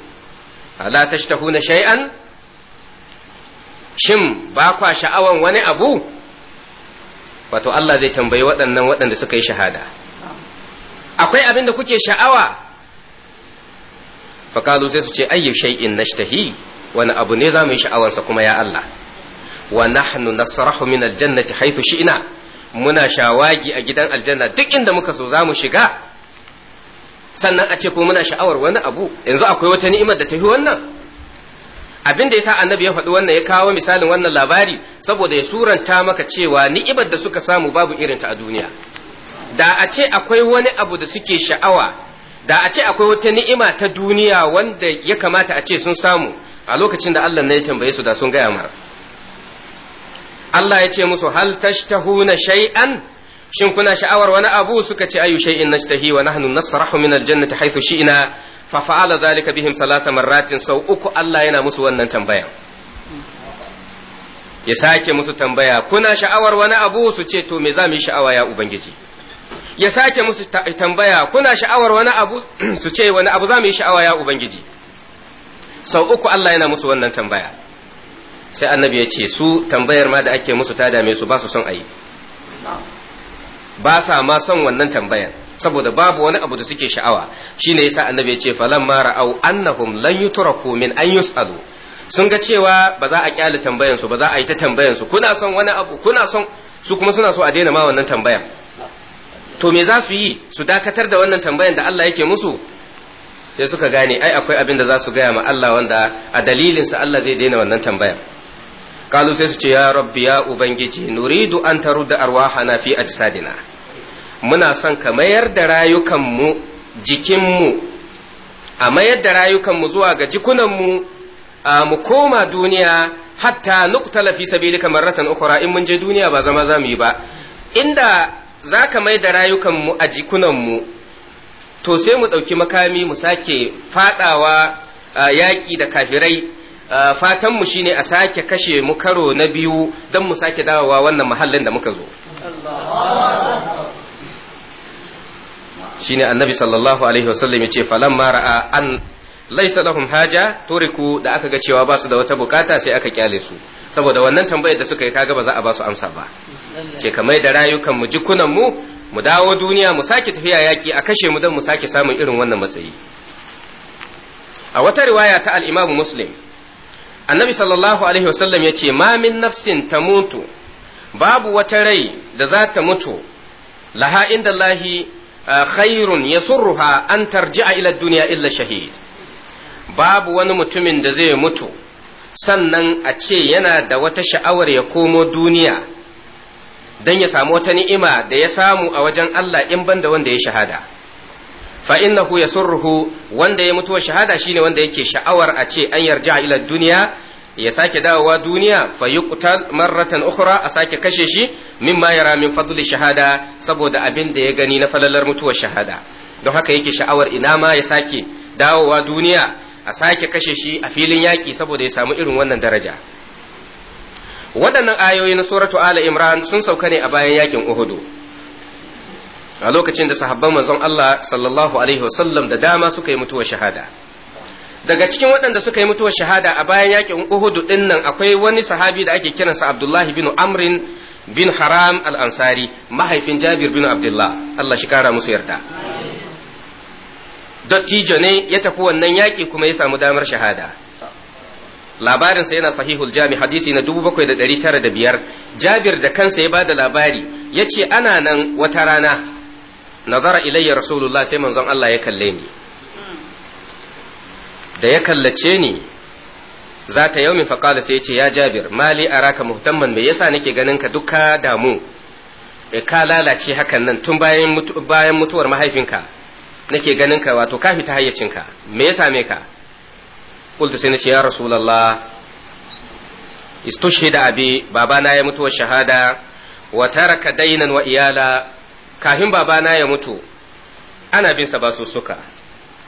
ala tashtahuna shay'an shin ba kwa sha'awan wani abu wato Allah zai tambayi waɗannan waɗanda suka yi shahada akwai abin da kuke sha'awa Fakalu sai su ce ayyu shay'in nashtahi wani abu ne za mu yi sha'awansa kuma ya Allah wa nahnu nasrahu min aljannati haythu shi'na muna shawagi a gidan aljanna duk inda muka so zamu shiga sannan a ce ko muna sha'awar wani abu yanzu akwai wata ni'imar da tafi wannan abin da yasa annabi ya faɗi wannan ya kawo misalin wannan labari saboda ya suranta maka cewa ni'imar da suka samu babu irin ta a duniya da a ce akwai wani abu da suke sha'awa da a ce akwai wata ni'ima ta duniya wanda ya kamata a ce sun samu a lokacin da Allah ne ya tambaye su da sun gaya mara Allah ya ce musu hal tashtahuna shay'an shin kuna sha'awar wani abu suka ce ayu shay'in nashtahi wa nahnu nasrahu min aljannati haythu shi'na fa fa'ala zalika bihim salasa marratin sau uku Allah yana musu wannan tambaya ya sake musu tambaya kuna sha'awar wani abu su ce to me za mu yi sha'awa ya ubangiji ya sake musu tambaya kuna sha'awar wani abu su ce wani abu za mu yi sha'awa ya ubangiji sau uku Allah yana musu wannan tambaya sai annabi ya ce su tambayar ma da ake musu ta dame su ba su son ayi. yi ba sa ma son wannan tambayar saboda babu wani abu da suke sha'awa shine yasa annabi ya ce mara ra'au annahum lan yutraku min an yusalu sun ga cewa ba za a kyale tambayan su ba za a yi ta tambayan su kuna son wani abu kuna son su kuma suna so a daina ma wannan tambayan to me za su yi su dakatar da wannan tambayan da Allah yake musu sai suka gane ai akwai abin da za su gaya ma Allah wanda a dalilin sa Allah zai daina wannan tambayan kalu sai su ce ya rabbi ya ubangiji nuridu an tarudda arwahana fi dina. muna son ka mayar da rayukanmu jikinmu a mayar da rayukanmu zuwa ga jikunanmu a mu koma duniya hatta nuqtala fi kamar ratan ukura in mun je duniya ba zama za mu yi ba inda za ka mai da rayukanmu a jikunanmu to sai mu ɗauki makami mu sake faɗawa yaƙi da kafirai Ah, fatanmu shine a sake kashe mu karo na biyu don mu sake dawowa wannan mahallin da muka zo shine annabi sallallahu alaihi wasallam ya ce falamma ra'a an laisa lahum haja turiku da aka ga cewa ba su da wata bukata sai aka kyale su saboda wannan tambayar da suka yi kaga ba za a ba su amsa ba ce kamar da rayukan mu jikunan mu mu dawo duniya mu sake tafiya yaki a kashe mu don mu sake samun irin wannan matsayi a wata riwaya ta al-Imam Muslim annabi sallallahu alaihi wasallam ya ce ma min nafsin ta mutu babu wata rai da za ta mutu laha inda lahi khairun ya surruha an tarji'a ila duniya illa shahid babu wani mutumin da zai mutu sannan a ce yana da wata sha'awar ya komo duniya don ya samu wata ni'ima da ya samu a wajen Allah in banda wanda ya shahada fa innahu yasurruhu wanda ya mutuwa shahada shine wanda yake sha'awar a ce an yarja ila duniya ya sake dawowa duniya fa yuqtal marratan ukhra a sake kashe shi mimma yara min fadli shahada saboda abin da ya gani na falalar mutuwar shahada don haka yake sha'awar ina ma ya sake dawowa duniya a sake kashe shi a filin yaki saboda ya samu irin wannan daraja waɗannan ayoyi na suratu ala imran sun sauka ne a bayan yakin uhudu a lokacin da sahabban manzon Allah sallallahu alaihi wasallam da dama suka yi mutuwar shahada daga cikin waɗanda suka yi mutuwar shahada a bayan yakin uhudu din nan akwai wani sahabi da ake kiransa Abdullahi bin Amrin bin Haram al-Ansari mahaifin Jabir bin Abdullah Allah shi kara musu yarda dattijo ne ya tafi wannan yaƙi kuma ya samu damar shahada labarinsa yana sahihul jami hadisi na 7905 jabir da kansa ya ba da labari ya ce ana nan wata rana nazara ilayya rasulullah sai manzon Allah ya kalle ni da ya kallace ni za ta yaumin faƙala sai ce ya jabir mali a araka muhtamman me yasa nake ganin ka duka damu e, ka lalace hakan nan tun bayan mutuwar mahaifinka nake ganin ka wato ka fita hayyacinka me ya same ka qultu sai nace ya rasulullah istushhida abi babana ya mutuwar shahada wa taraka daynan wa iyala kafin babana ya mutu ana bin sa ba suka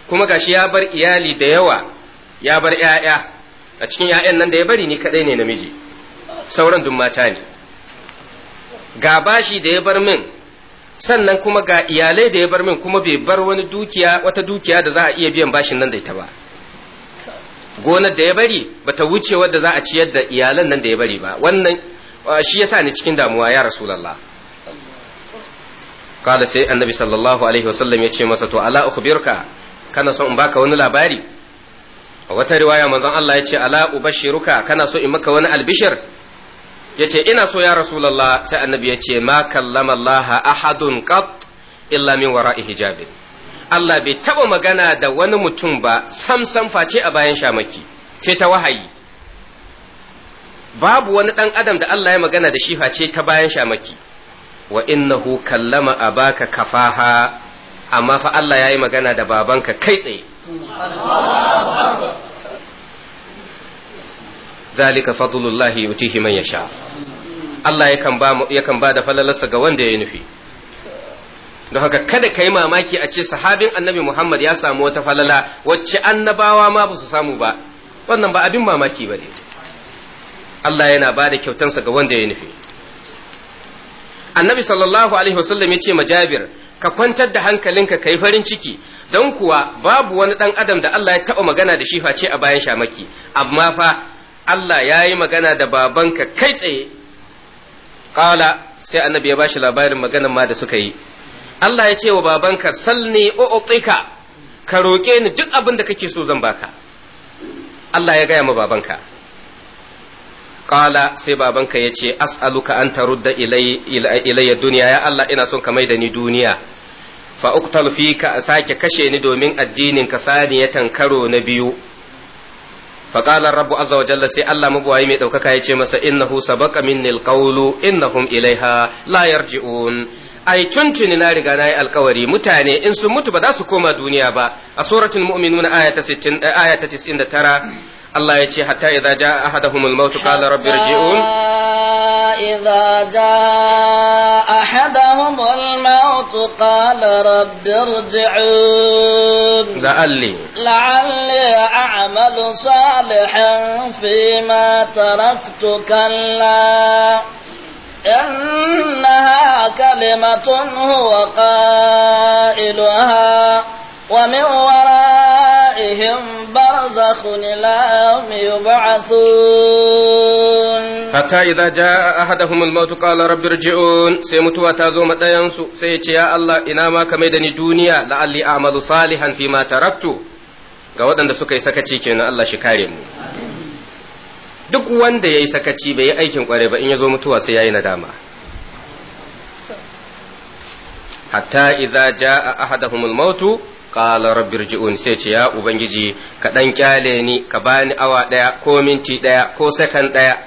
kuma gashi ya bar iyali da yawa ya bar 'ya'ya a cikin 'ya'yan nan da ya bari ni kadai ne namiji sauran dun mata ne ga bashi da ya bar min sannan kuma ga iyalai da ya bar min kuma bai bar wani dukiya wata dukiya da za a iya biyan bashin nan da ita ba gonar da ya bari bata wuce wadda za a ciyar da iyalan nan da ya bari ba wannan shi yasa ni cikin damuwa ya Rasulallah. kala sai annabi sallallahu alaihi wasallam ya ce masa to ala ukhbirka kana son in baka wani labari a wata riwaya manzon Allah ya ce ala ubashiruka kana so in maka wani albishir ya ce ina so ya rasulallah sai annabi ya ce ma kallama Allah ahadun qat illa min wara'i hijabin Allah bai taba magana da wani mutum ba sam sam face a bayan shamaki sai ta wahayi babu wani dan adam da Allah ya magana da shi face ta bayan shamaki wa innahu kallama abaka kafaha amma fa Allah ya yi magana da babanka kai tsaye zalika fadlullahi yutihi man yasha Allah yakan ba ba da falalarsa ga wanda ya nufi don haka kada ka yi mamaki a ce sahabin annabi Muhammad ya samu wata falala wacce annabawa ma ba su samu ba wannan ba abin mamaki ba ne Allah yana ba da kyautansa ga wanda ya nufi annabi sallallahu alaihi wasallam ya ce ma jabir ka kwantar da hankalinka ka yi farin ciki don kuwa babu wani dan adam da Allah ya taɓa magana da shi face a bayan shamaki amma fa Allah ya yi magana da babanka kai tsaye kala sai annabi ya bashi labarin maganan ma da suka yi Allah ya ce wa babanka salni o'otika ka roke ni duk abin da kake so zan baka Allah ya gaya ma babanka qala sai babanka ya ce as'aluka an da ilayya duniya ya Allah ina son ka mai da ni duniya fa uqtal fika sake kashe ni domin addinin ka ya tankaro na biyu fa qala rabbu azza wa sai Allah mabuwayi mai ɗaukaka ya ce masa innahu sabaqa minni alqawlu innahum ilaiha la yarji'un ai tuntuni na riga na yi alkawari mutane in sun mutu ba za su koma duniya ba a suratul mu'minun aya ta Allah ya ce hatta idza jaa ahaduhumul maut qala rabbi rji'un idza jaa ahaduhumul maut qala rabbi rji'un la'alli la'alli a'malu salihan fima taraktu kalla إنها كلمة هو قائلها ومن ورائهم برزخ إلى يوم يبعثون حتى إذا جاء أحدهم الموت قال رب ارجعون سيموتوا تازوم تينسو سيتي يا الله إنما كميدني دنيا لعلي أعمل صالحا فيما تركت ga waɗanda suka yi sakaci kenan Allah shi kare mu duk wanda ya yi sakaci bai yi aikin kware ba in ya zo mutuwa sai ya yi nadama hatta idza jaa ahadahumul mautu Ƙalar birji'un irji'un sai ce ya ubangiji ka dan kyale ni ka bani awa daya ko minti daya ko sakan daya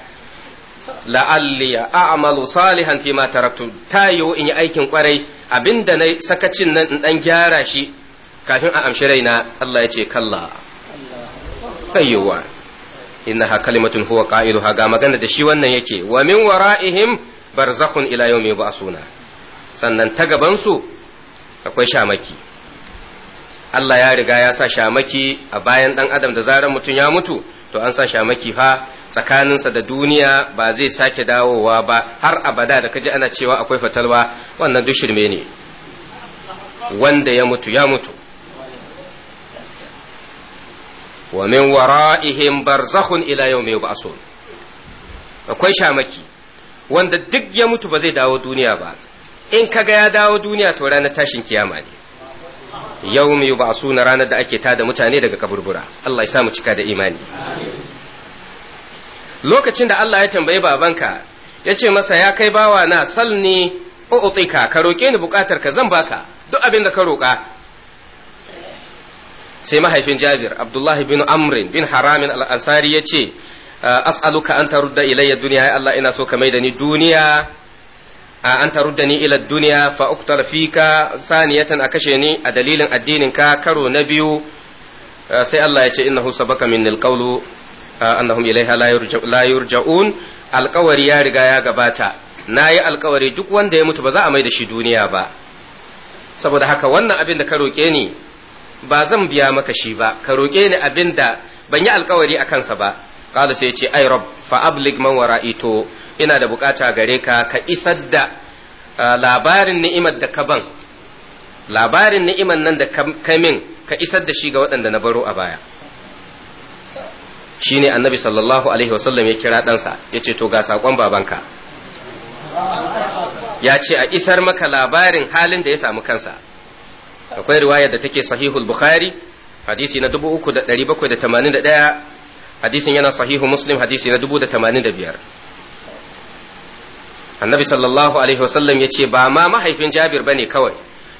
la'alli a'malu salihan fi ma taraktu ta yiwu in yi aikin kwarai abinda na sakacin nan in dan gyara shi kafin a amshi raina Allah ya ce kalla ayyuwa innaha kalimatun huwa qailuha ga magana da shi wannan yake wa min wara'ihim barzakhun ila yawmi yub'asuna sannan ta gaban su akwai shamaki Allah ya riga ya sa shamaki a bayan ɗan adam da zarar mutum ya mutu to an sa shamaki fa tsakaninsa da duniya ba zai sake dawowa ba har abada da kaji ana cewa akwai fatalwa wannan duk shirme ne wanda ya mutu ya mutu wa min wara'ihim barzakhun ila yawmi yub'asun akwai shamaki wanda duk ya mutu ba zai dawo duniya ba in kaga ya dawo duniya to ranar tashin kiyama ne Yau yawm suna ranar da ake tada mutane daga kaburbura Allah ya samu cika da imani lokacin da Allah ya tambayi babanka ya ce masa ya kai bawa na salni u'tika ka roke ni bukatar ka zan baka duk abin da ka roka sai mahaifin Jabir Abdullahi bin Amr bin Haramin al-Ansari ya ce as'aluka an tarudda ilayya duniya ya Allah ina so ka mai da ni duniya a an ni ila duniya fa uqtala fika saniyatan a kashe ni a dalilin addinin ka karo na biyu sai Allah ya ce innahu sabaka min alqawlu annahum ilaiha la yurja'un alqawari ya riga ya gabata nayi alqawari duk wanda ya mutu ba za a mai da shi duniya ba saboda haka wannan abin da ka roƙe ni ba zan biya maka shi ba ka roƙe ni abin da ban yi alkawari a kansa ba qala sai ya ce ay rabb fa ablig man wara'ito ina da bukata gare ka ka isar da uh, labarin ni'imar da ka ban labarin ni'imar nan da ka min ka isar da shi ga waɗanda na baro a baya Shi ne annabi sallallahu alaihi wasallam ya kira ɗansa ya ce to ga saƙon babanka ya ce a isar maka labarin halin da ya samu kansa akwai riwayar da take sahihul bukhari hadisi na 3781 hadisin yana sahihu muslim hadisi na 1085 annabi sallallahu alaihi wasallam ya ce ba ma mahaifin jabir bane kawai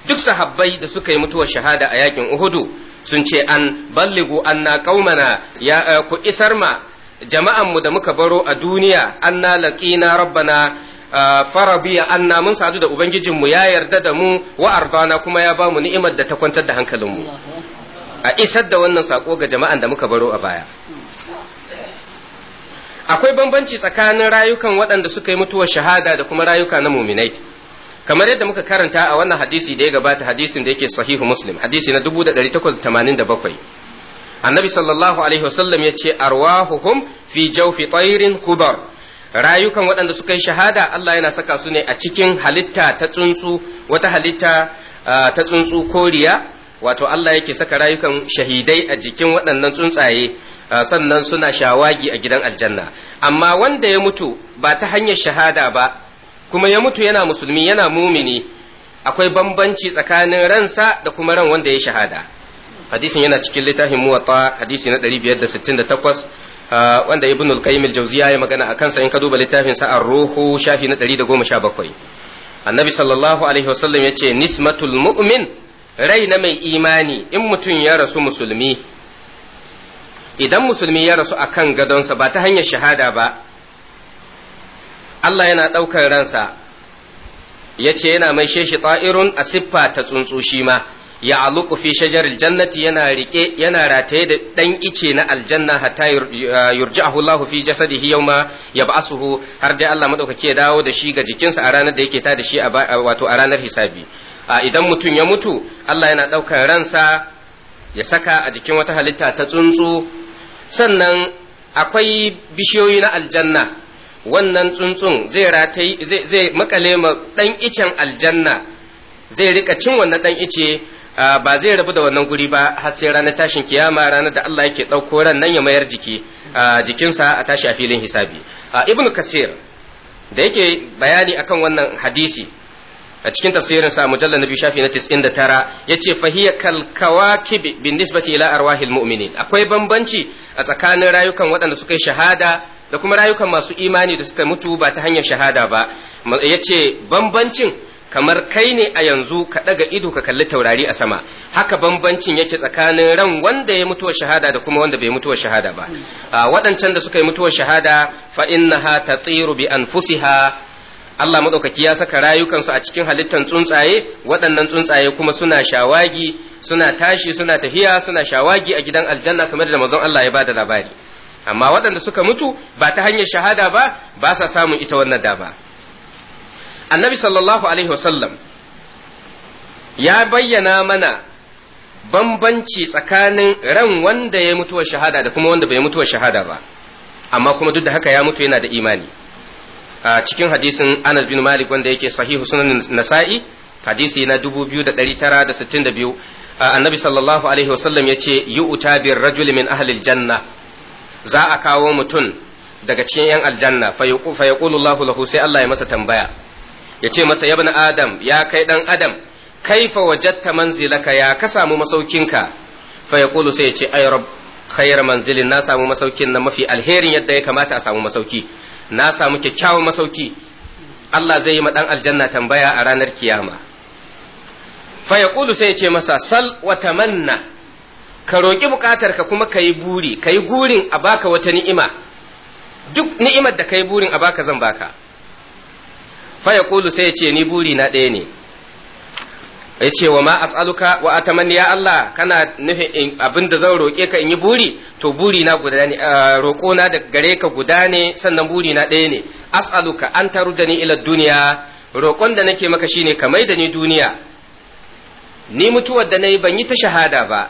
duk sahabbai da suka yi mutuwar shahada a yakin uhudu sun ce an balligu anna qaumana ya eh, ku isar ma jama'an mu da muka baro a duniya anna laqina rabbana eh, farabiya anna mun sadu da ubangijin mu ya yarda da mu wa arbana kuma ya bamu ni'imar da ta kwantar da hankalin mu. a isar da wannan sako ga jama'an da muka baro a baya akwai bambanci tsakanin rayukan waɗanda suka yi mutuwar shahada da kuma rayuka na muminai kamar yadda muka karanta a wannan hadisi da ya gabata hadisin da yake sahihu muslim hadisi na 1887 annabi sallallahu alaihi wasallam ya ce arwahuhum fi jawfi tayrin khudar rayukan waɗanda suka yi shahada Allah yana saka su ne a cikin halitta ta tsuntsu wata halitta ta tsuntsu koriya wato Allah yake saka rayukan shahidai a jikin waɗannan tsuntsaye Ah, sannan suna shawagi a gidan aljanna amma wanda ya mutu ba ta hanyar shahada ba kuma ya mutu yana musulmi yana mumini akwai bambanci tsakanin ransa da kuma ran wanda ya shahada hadisin yana cikin littafin muwatta hadisi na 568 ah, wanda ibn al-qayyim al-jawziya ya magana akan sa in ka duba littafin sa ar-ruhu shafi na 117 annabi sallallahu alaihi wasallam yace nismatul mu'min rai na mai imani in mutum ya rasu musulmi idan musulmi ya rasu a kan gadonsa ba ta hanyar shahada ba Allah yana ɗaukar ransa ya ce yana mai sheshi ta'irun a siffa ta tsuntsu shi ma ya aluku fi shajaril jannati yana rike yana rataye da ɗan ice na aljanna hatta yurji'ahu Allahu fi jasadihi yawma yab'asuhu har dai Allah madaukake ya dawo da shi ga jikinsa a ranar da yake ta da shi wato a ranar hisabi idan mutum ya mutu Allah yana ɗaukar ransa ya saka a jikin wata halitta ta tsuntsu sannan akwai bishiyoyi na aljanna wannan tsuntsun zai ratai zai makale ma ɗan icen aljanna zai rika cin wannan dan ice ba zai rabu da wannan guri ba har sai ranar tashin kiyama ranar da Allah yake ɗauko ran nan ya mayar jiki jikinsa a tashi a filin hisabi ibnu kasir da yake bayani akan wannan hadisi a cikin tafsirin sa mujallal nabi shafi na 99 yace fahiya kal kawakib bin nisbati ila arwahil mu'minin akwai bambanci a tsakanin rayukan waɗanda suka yi shahada da kuma rayukan masu imani da suka mutu ba ta hanyar shahada ba yace bambancin kamar kai ne a yanzu ka ɗaga ido ka kalli taurari a sama haka bambancin yake tsakanin ran wanda ya mutuwa shahada da kuma wanda bai mutuwa shahada ba waɗancan da suka yi mutuwa shahada fa innaha tatsiru bi anfusiha Allah maɗaukaki ya saka rayukansu a cikin halittar tsuntsaye waɗannan tsuntsaye kuma suna shawagi suna tashi suna tafiya suna shawagi a gidan aljanna kamar da mazan Allah ya bada labari amma waɗanda suka mutu ba ta hanyar shahada ba ba sa samun ita wannan ba. annabi sallallahu alaihi wasallam ya bayyana mana bambanci tsakanin ran wanda ya mutuwa shahada da kuma wanda bai mutuwa shahada ba amma kuma duk da haka ya mutu yana da imani a cikin hadisin Anas bin Malik wanda yake sahihu sunan Nasa'i hadisi na 2962 annabi sallallahu alaihi wasallam yace yu'ta bir rajul min ahli aljanna za a kawo mutum daga cikin yan aljanna fa yaqulu Allahu lahu sai Allah ya masa tambaya yace masa ya ibn adam ya kai dan adam kaifa wajadta manzilaka ya ka samu masaukinka fa yaqulu sai yace ay rabb khayra manzilin na samu masaukin na mafi alherin yadda ya kamata a samu masauki na samu kyakkyawan masauki Allah zai yi ma ɗan aljanna tambaya a ranar kiyama fa ya sai ya ce masa sal wata manna. ka roƙi ka kuma ka yi buri ka yi gurin a baka wata ni'ima duk ni'imar da ka yi burin a baka zan baka fa ya sai ya ce ni buri na ɗaya ne ya ce wa ma as'aluka wa atamanni ya Allah kana nufin abin da zan roƙe ka in yi buri to buri na guda ne roƙo na da gare ka guda ne sannan buri na ɗaya ne as'aluka an taru da ni ila duniya roƙon da nake maka shine ka mai da ni duniya ni mutuwar da nayi ban yi ta shahada ba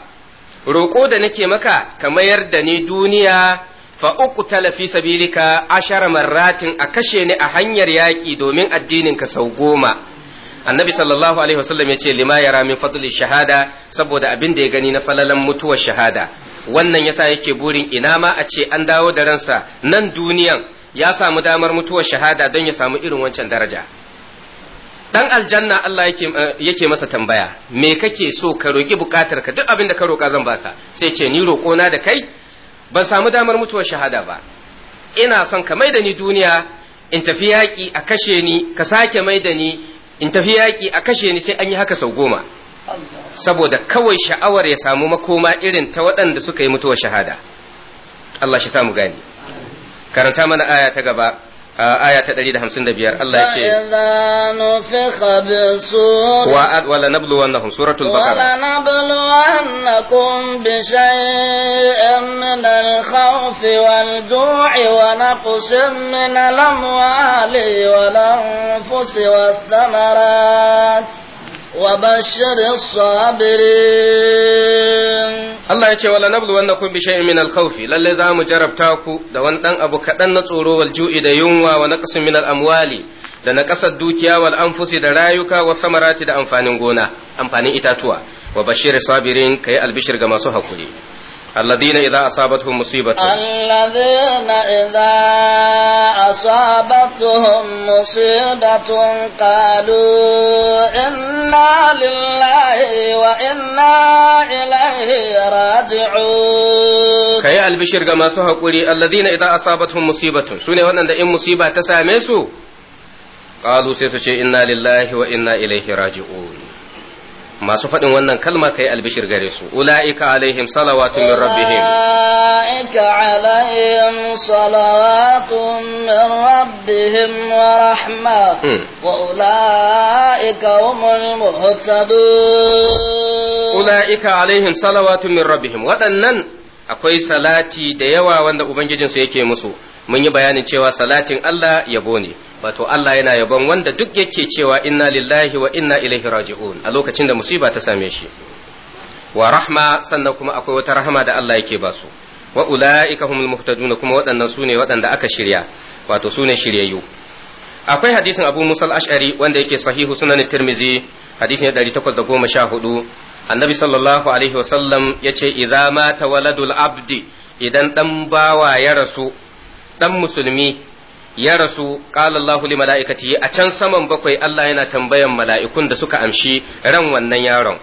roƙo da nake maka ka mayar da ni duniya fa uku talafi sabilika ashara marratin a kashe ni a hanyar yaƙi domin addinin ka sau goma annabi sallallahu alaihi wasallam yace lima ya min fadli shahada saboda abin da ya gani na falalan mutuwar shahada wannan yasa yake burin ina ma a ce an dawo da ransa nan duniyan ya samu damar mutuwar shahada don ya samu irin wancan daraja dan aljanna Allah yake eh, yake masa tambaya me kake so ka roki bukatar ka duk abin da ka roka zan baka sai ce ni roko na da kai ban samu damar mutuwar shahada ba ina son ka mai da ni duniya in tafi yaki a kashe ni ka sake mai da ni in tafi yaƙi a kashe ni sai an yi haka sau goma saboda kawai sha'awar ya samu makoma irin ta waɗanda suka yi mutuwar shahada Allah shi samu gani karanta mana aya ta gaba آه، آية تدري دهم سند بيار الله يجي فإذا نفخ بالصور وأد ولا نبلو أنهم سورة البقرة ولا نبلو أنكم بشيء من الخوف والجوع ونقص من الأموال والأنفس والثمرات وبشر الصابرين Allah ya ce wala nablu wanda kun bi shay'in min al-khawfi lalle za mu jarabta ku da wani dan abu kadan na tsoro wal ju'i da yunwa wa naqsin min al-amwali da naqasar dukiya wal anfusi da rayuka wa samarati da amfanin gona amfanin itatuwa wa bashir sabirin kai albishir ga masu hakuri الذين إذا أصابتهم مصيبة الذين إذا أصابتهم مصيبة قالوا إنا لله وإنا إليه راجعون كي البشر كما سهقولي الذين إذا أصابتهم مصيبة سنة وأن إن مصيبة تسامسوا قالوا سيسوشي إنا لله وإنا إليه راجعون masu faɗin wannan kalma kai albishir gare su ula'ika alaihim salawatun min rabbihim ula'ika alaihim salawatun min rabbihim wa rahma hmm. wa ula'ika humul muhtadu ula'ika alaihim salawatun min rabbihim waɗannan akwai salati da yawa wanda ubangijinsu yake musu mun yi bayanin cewa salatin Allah yabo ne wato Allah yana yabon wanda duk yake cewa inna lillahi wa inna ilaihi raji'un a lokacin da musiba ta same shi wa rahma sannan kuma akwai wata rahama da Allah yake ba su wa ula'ika humul muhtaduna kuma waɗannan sune waɗanda aka shirya wato sune shiryayyu akwai hadisin Abu Musa al-Ash'ari wanda yake sahihu sunan Tirmizi hadisin 814 annabi sallallahu alaihi wa sallam yace idza mata waladul abdi idan dan bawa ya rasu dan musulmi ya rasu qala Allahu li mala’ikati a can saman bakwai Allah yana tambayan mala'ikun da suka amshi ran wannan yaron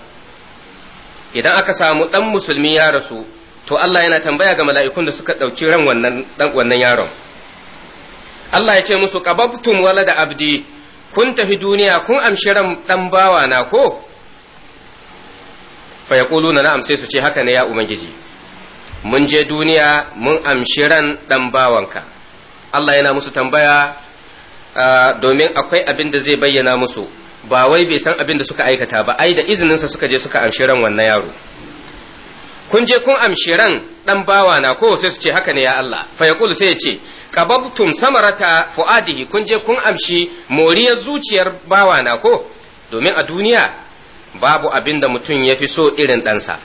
idan aka samu ɗan musulmi ya rasu to Allah yana tambaya ga mala'ikun da suka ɗauki ran wannan yaron Allah ya ce musu wala walada abdi kun tafi duniya kun amshi ran dan bawa na ko fa na na'am sai su ce haka ne ya ubangiji mun je duniya mun amshi ran dan bawanka Allah yana musu tambaya domin akwai abin da zai bayyana musu ba wai bai san abin da suka aikata ba ai da izininsa suka je suka amshi ran wannan yaro kun je kun amshi ran dan bawa na ko sai su ce haka ne ya Allah fa yaqulu sai ya ce qababtum samarata fuadihi kun je kun amshi moriyar zuciyar bawa na ko domin a duniya babu abin da mutum ya fi so irin ɗansa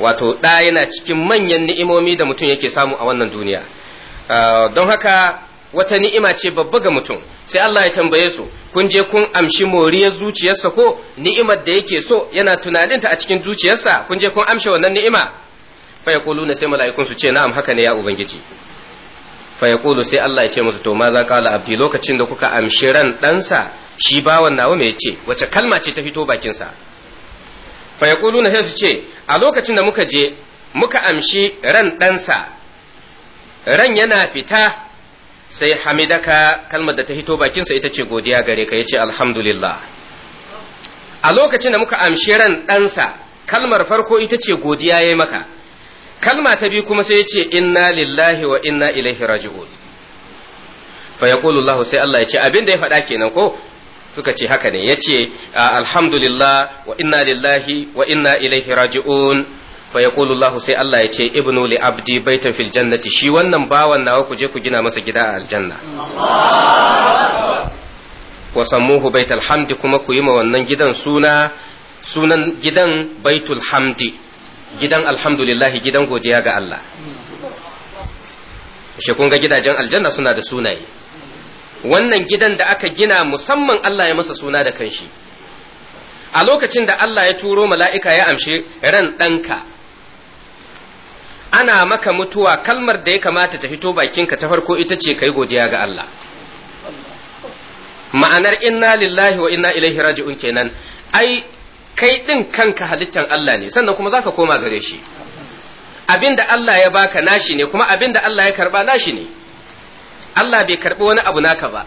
wato ɗa yana cikin manyan ni'imomi da mutum yake samu a wannan duniya Ah, don haka wata ni'ima ce babba ga mutum sai Allah ya tambaye su kun je kun amshi moriyar zuciyarsa ko ni'imar da yake so yana tunaninta a cikin zuciyarsa kun je kun amshe wannan ni'ima fa yaquluna sai mala'ikun su ce na'am haka ne ya ubangiji fa yaqulu sai Allah ya ce musu to ma za qala abdi lokacin da kuka amshi ran ɗansa shi bawan nawa me ce wace kalma ce ta fito bakin sa fa yaquluna sai su ce a lokacin da muka je muka amshi ran ɗansa ran yana fita sai hamidaka kalmar da ta hito sa ita ce godiya gare ka yace alhamdulillah a lokacin da muka amshi ran ɗansa kalmar farko ita ce godiya ya maka kalma ta biyu kuma sai ya ce inna lillahi wa inna ilaihi raji'un fa yaqulu Allah sai Allah ya ce abin da ya faɗa kenan ko suka ce haka ne ya ce alhamdulillah wa inna lillahi wa inna ilaihi raji'un fa yaqulu Allah sai Allah ya ce ibnu li abdi baitan fil jannati shi wannan bawan nawa ku je ku gina masa gida a aljanna wa sammuhu baitul hamdi kuma ku yi ma wannan gidan suna sunan gidan baitul hamdi gidan alhamdulillah gidan godiya ga Allah shi kun ga gidajen aljanna suna da sunaye wannan gidan da aka gina musamman Allah ya masa suna da kanshi a lokacin da Allah ya turo mala'ika ya amshi ran ɗanka ana maka mutuwa kalmar da ya kamata ta fito bakinka ta farko ita ce kai godiya ga Allah ma'anar inna lillahi wa inna ilaihi raji'un kenan ai kai din kanka halittar Allah ne sannan kuma ka koma gare shi abinda Allah ya baka nashi ne kuma abinda Allah ya karba nashi ne Allah bai karbi wani abu naka ba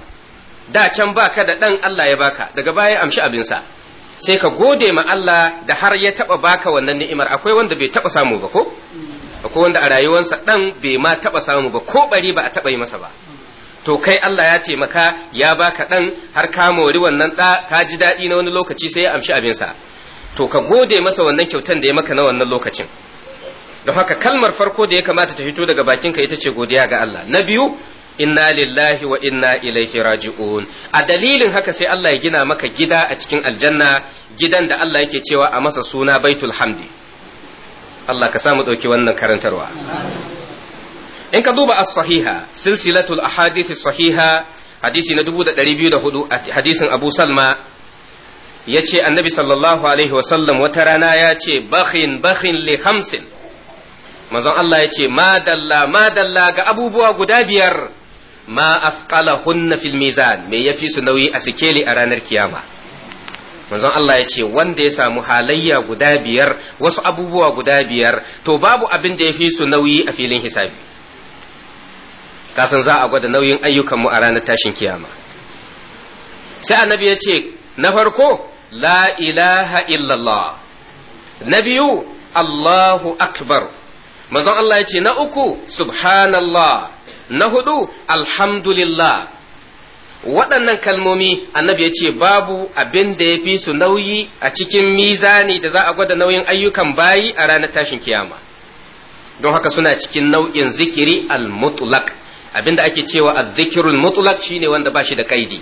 da can baka da ɗan Allah ya baka daga baya amshi abinsa sai ka gode ma Allah da har ya taba baka wannan ni'imar akwai wanda bai taɓa samu ba ko akwai wanda a rayuwarsa ɗan bai ma taɓa samu ba ko bari ba a taɓa yi masa ba to kai Allah ya taimaka ya baka ɗan har ka mori wannan ɗa ka ji daɗi na wani lokaci sai ya amshi abin sa to ka gode masa wannan kyautan da ya maka na wannan lokacin don haka kalmar farko da ya kamata ta fito daga bakinka ita ce godiya ga Allah na biyu inna lillahi wa inna ilaihi raji'un a dalilin haka sai Allah ya gina maka gida a cikin aljanna gidan da Allah yake cewa a masa suna baitul hamdi Allah ka samu ɗauki wannan karantarwa in ka duba as-sahiha silsilatul ahadith sahiha hadisi na hudu, hadisin Abu Salma yace annabi sallallahu alaihi wasallam wata rana ya ce bakhin bakhin li khamsin manzon Allah ya ce madalla madalla ga abubuwa guda biyar ma afqalahunna fil mizan me yafi su nauyi a sikeli a ranar kiyama manzon Allah ya ce wanda ya samu halayya guda biyar wasu abubuwa guda biyar to babu abin da ya fi su nauyi a filin hisabi kasan za a gwada nauyin ayyukanmu a ranar tashin kiyama sai annabi ya ce na farko la ilaha illallah na biyu Allahu akbar manzon Allah ya ce na uku subhanallah na hudu alhamdulillah waɗannan kalmomi annabi ya ce babu abin da ya fi su nauyi a cikin mizani da za a gwada nauyin ayyukan bayi a ranar tashin kiyama don haka suna cikin nau'in zikiri al-mutlaq abinda ake cewa al-zikirul mutlaq shine wanda ba shi da kaidi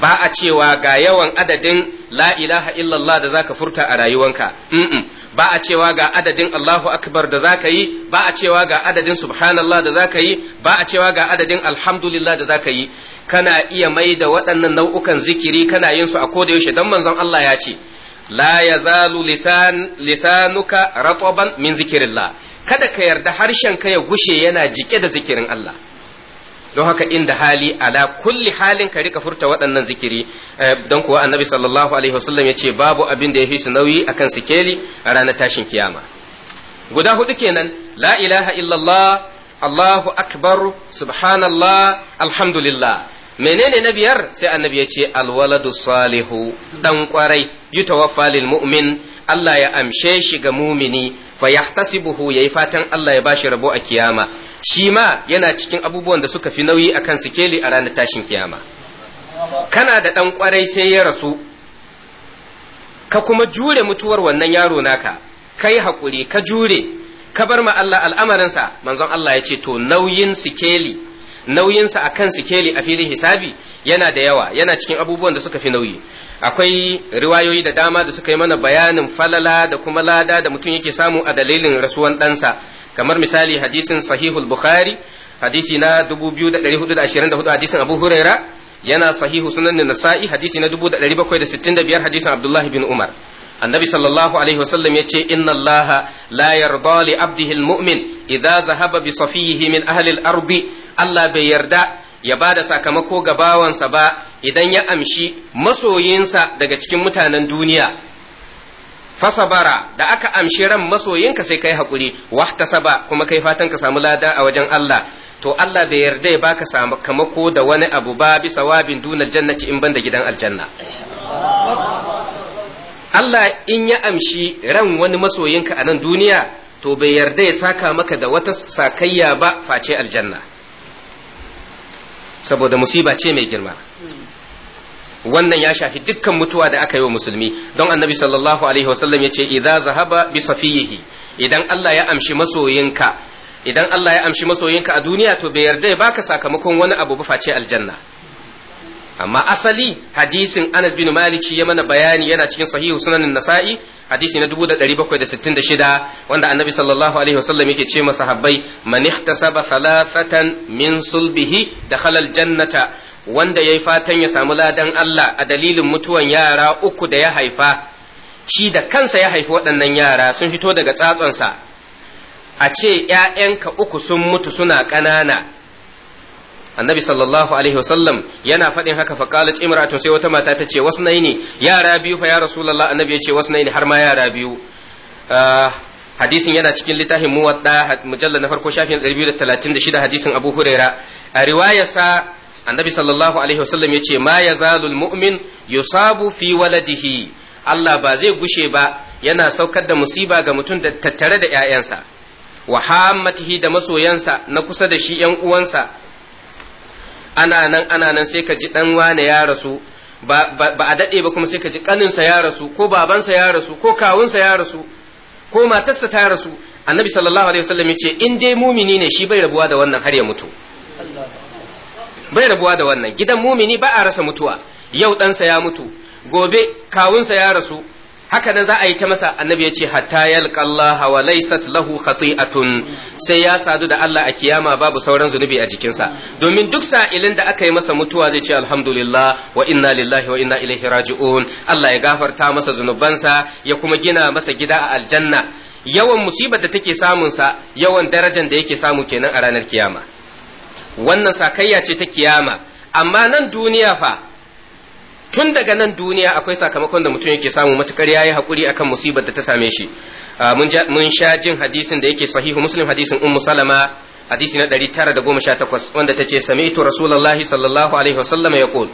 ba a cewa ga yawan adadin la ilaha illallah da zaka furta a rayuwanka ba a cewa ga adadin Allahu Akbar da zaka yi ba a cewa ga adadin subhanallah da zaka yi ba a cewa ga adadin alhamdulillah da zaka yi kana iya mai da waɗannan nau'ukan zikiri kana yin su a koda yaushe don manzon Allah ya ce la yazalu lisanuka rataban min zikirillah kada ka yarda harshen ka ya gushe yana jike da zikirin Allah don haka inda hali ala kulli halin ka rika furta waɗannan zikiri eh, don kuwa annabi sallallahu alaihi wasallam ya ce babu abin da ya fi su nauyi akan sikeli a ranar tashin kiyama guda hudu kenan la ilaha illallah Allahu akbar subhanallah alhamdulillah menene na biyar sai annabi ya ce alwaladu salihu dan kwarai yutawaffalil mu'min Allah ya amshe shi ga mumini fa yahtasibuhu yayi fatan Allah ya bashi rabo a kiyama shi ma yana cikin abubuwan da suka fi nauyi a kan sikeli a ranar tashin kiyama kana da dan kwarai sai ya rasu ka kuma jure mutuwar wannan yaro naka kai hakuri ka jure ka bar ma Allah al'amarinsa manzon Allah ya ce to nauyin sikeli nauyinsa a kan sikeli a filin hisabi yana da yawa yana cikin abubuwan da suka fi nauyi akwai riwayoyi da dama da suka yi mana bayanin falala da kuma lada da mutum yake samu a dalilin rasuwan ɗansa kamar misali hadisin sahihul bukhari hadisi na 2424 hadisin abu huraira yana sahihu sunan nasa'i hadisi na 1765 hadisin abdullahi bin umar annabi sallallahu alaihi wasallam ya ce inna allaha la yarda li abdihi almu'min idza zahaba bi safihi min Allah bai yarda ya ba da sakamako ga bawansa ba idan ya amshi masoyinsa daga cikin mutanen duniya fasabara da aka amshi ran masoyinka sai kai haƙuri saba. kuma kai fatan ka samu lada a wajen Allah to Allah bai yarda ya baka sakamako da wani abu ba bisa wabin dunar jannaci in banda gidan aljanna Allah in ya amshi ran wani masoyinka a nan duniya to bai yarda ya saka maka da wata sakayya ba face aljanna saboda musiba ce mai girma wannan ya shafi dukkan mutuwa da aka yi wa musulmi don annabi sallallahu alaihi wasallam ya ce idza zahaba bi safiyihi idan Allah ya amshi masoyinka idan Allah ya amshi masoyinka a duniya to bai yarda ya baka sakamakon wani abu ba face aljanna amma asali hadisin Anas bin Malik ya mana bayani yana cikin sahihu sunanin Nasa'i hadisi na 1766 wanda annabi sallallahu alaihi wasallam yake ce masa habbai man ihtasaba thalathatan min sulbihi dakhala aljannata wanda yayi fatan ya samu ladan Allah a dalilin mutuwan yara uku da ya haifa shi da kansa ya haifi waɗannan yara sun fito daga tsatsonsa a ce ‘ya'yanka uku sun mutu suna ƙanana annabi sallallahu alaihi wasallam yana faɗin haka fa qalat imra'atun sai wata mata ta ce wasnaini yara biyu fa ya rasulullah annabi ya ce wasnaini har ma yara biyu ah, hadisin yana cikin littafin muwadda mujallal na farko shafin 236 hadisin abu huraira a riwayarsa annabi sallallahu alaihi wasallam ya ce ma yazalul mu'min yusabu fi waladihi Allah ba zai gushe ba yana saukar da musiba ga mutum da tattare da 'ya'yansa wa hammatihi da masoyansa na kusa da shi 'yan uwansa ana nan ana nan sai ka ji dan wane ya rasu ba a daɗe ba kuma sai ka ji sa ya rasu ko babansa ya rasu ko kawunsa ya rasu ko matarsa ta rasu annabi sallallahu alaihi wasallam yace in dai mumini ne shi bai rabuwa da wannan har ya mutu bai rabuwa da wannan gidan mumini ba a rasa mutuwa yau ɗansa ya mutu gobe kawunsa ya rasu haka nan za a yi ta masa annabi ya ce hatta yalqa Allah wa laysat lahu khati'atun sai ya sadu da Allah a kiyama babu sauran zunubi a jikinsa domin duk sa'ilin da aka yi masa mutuwa zai ce alhamdulillah wa inna lillahi wa inna ilaihi raji'un Allah ya gafarta masa zunubansa ya kuma gina masa gida a aljanna yawan musibar da take samun sa yawan darajar da yake samu kenan a ranar kiyama wannan sakayya ce ta kiyama amma nan duniya fa tun daga nan duniya akwai sakamakon da mutum yake samu matukar yayi hakuri akan musibar da ta same shi ah, mun sha jin hadisin da yake sahihu muslim hadisin ummu salama hadisi na 918 wanda tace sami'tu rasulullahi sallallahu alaihi wasallam yaqul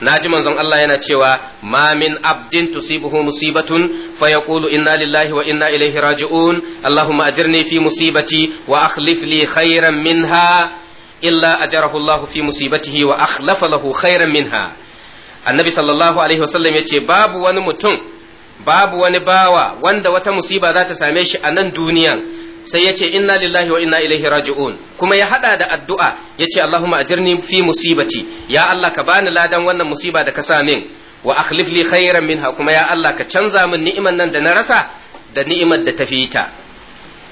naji manzon Allah yana cewa ma min abdin tusibuhu musibatun fa yaqulu inna lillahi wa inna ilaihi raji'un allahumma ajirni fi musibati wa akhlif li khayran minha illa ajarahu Allah fi musibatihi wa akhlafa lahu khayran minha annabi sallallahu alaihi wasallam ya ce babu wani mutum babu wani bawa wanda wata musiba za ta same shi a nan duniyan sai ya ce inna lillahi wa inna ilaihi raji'un kuma ya hada da addu'a ya ce allahumma ajirni fi musibati ya allah ka bani ladan wannan musiba da ka sa min wa akhlif li khairan minha kuma ya allah ka canza min ni'imar nan da na rasa da ni'imar da ta fi ta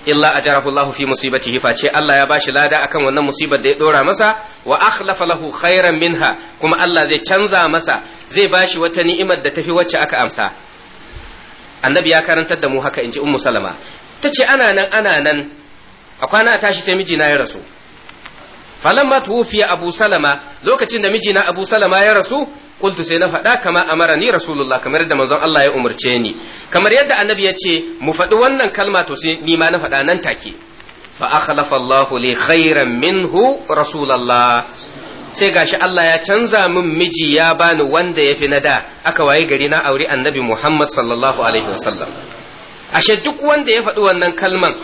illa ajarahu Allah fi musibatihi face Allah ya bashi lada akan wannan musibar da ya dora masa wa akhlafa lahu khairan minha kuma Allah zai canza masa zai bashi wata ni'imar da tafi wacce aka amsa annabi ya karantar da mu haka inji ummu salama tace ana nan ana nan a kwana a tashi sai mijina ya rasu falamma tuwfiya abu salama lokacin da mijina abu salama ya rasu qultu sai na faɗa kama amara ni rasulullah kamar yadda manzon Allah ya umarce ni kamar yadda annabi ya ce mu faɗi wannan kalma to sai ni ma na faɗa nan take fa akhlafa Allah li khairan minhu rasulullah sai gashi Allah ya canza min miji ya bani wanda ya fi na da aka waye gari na aure annabi Muhammad sallallahu alaihi wasallam ashe duk wanda ya faɗi wannan kalman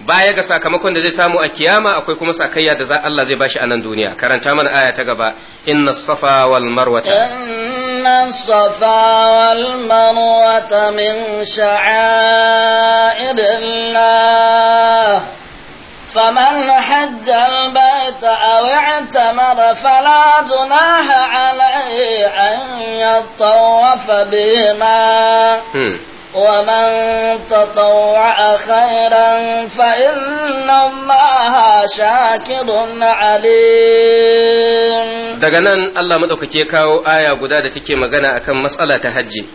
baya ga sakamakon da zai samu a kiyama akwai kuma sakayya da za Allah zai bashi a nan duniya karanta mana aya ta gaba inna safa wal marwata inna safa wal marwata min sha'airillah فمن حج البيت أو اعتمر فلا جناح عليه أن يطوف بهما ومن تطوع خيرا فإن الله شاكر عليم daga nan Allah madaukake kawo aya guda da take magana akan matsala ta hajji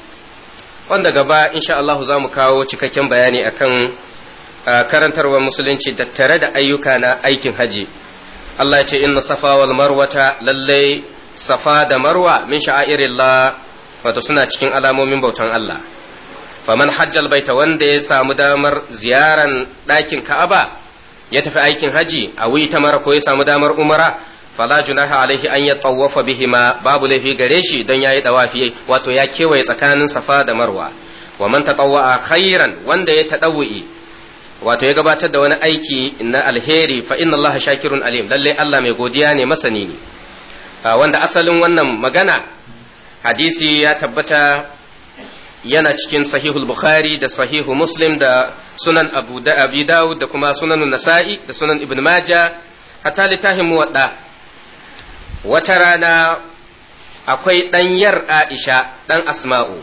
wanda gaba insha Allah za mu kawo cikakken bayani akan karantarwar musulunci da tare da ayyuka na aikin hajji Allah ya ce inna safa wal marwata lallai safa da marwa min sha'airillah wato suna cikin alamomin bautan Allah faman hajjal ta wanda ya samu damar ziyaran ɗakin ka'aba ya tafi aikin haji a wuyi ta mara ko ya samu damar umara fala junaha alaihi an ya tsawafa bihima babu laifi gare shi don ya yi ɗawafi wato ya kewaye tsakanin safa da marwa wa man tatawwa khairan wanda ya tadawwi wato ya gabatar da wani aiki na alheri fa inna allaha shakirun alim lallai Allah mai godiya ne masani ne ah, wanda asalin wannan magana hadisi ya tabbata yana cikin sahihul bukhari da sahihu muslim da sunan abu da abi dawud da kuma sunan nasa'i da sunan ibn maja hatta littafin muwadda wata rana akwai ɗanyar aisha ɗan asma'u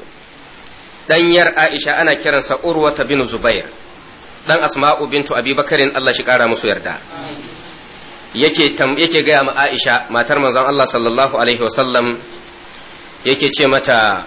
ɗanyar aisha ana kiransa urwata bin zubair ɗan asma'u bintu abi bakarin allah shi kara musu yarda yake yake gaya ma aisha matar manzon allah sallallahu alaihi wasallam yake ce mata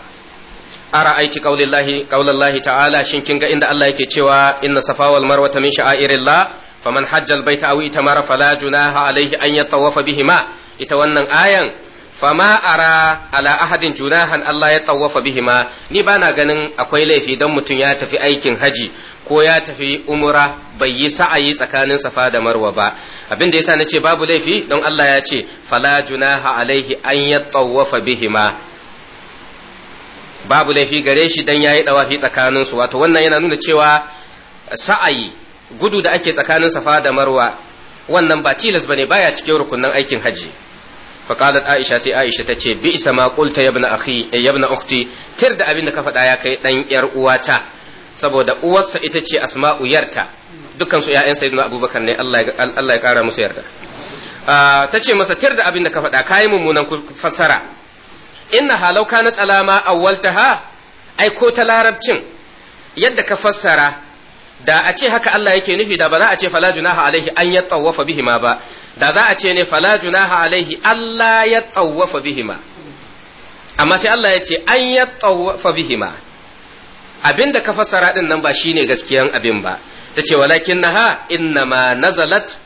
ara aiki qaulillahi ta'ala shin kin ga inda Allah yake cewa inna safa wal marwata min sha'airillah faman hajjal baita aw itamara fala junaha alaihi an yatawafa bihima ita wannan ayan fama ara ala ahadin junahan Allah ya tawafa bihima ni bana ganin akwai laifi dan mutum ya tafi aikin haji ko ya tafi umura bai yi sa'ayi tsakanin safa da marwa ba abin da yasa nace babu laifi don Allah ya ce fala junaha alaihi an yatawafa bihima babu laifi gare shi dan yayi dawafi tsakanin su wato wannan yana nuna cewa sa'ayi gudu da ake tsakanin safa da marwa wannan ba tilas bane baya cikin rukunin aikin haji فقالت عائشة سي عائشة تتشي بئس ما قلت يا ابن أخي da abin da ka faɗa ya kai كي دن uwata. saboda uwarsa ita ce asma'u yarta dukkan su ƴaƴan sayyidina abubakar ne Allah ya kara musu yarda ah, ta ce masa tir da abin da ka faɗa kai mummunan fassara inna halau kanat ma awwaltaha ai ko ta larabcin yadda ka fassara da a ce haka Allah yake nufi da ba za a ce fala junaha alaihi an ya tsawafa bihima ba da za a ce ne fala junaha alaihi Allah ya tsawafa bihima amma sai Allah ya ce an ya tsawafa bihima abin da ka fassara din nan ba shine gaskiyan abin ba ta ce walakin naha ma nazalat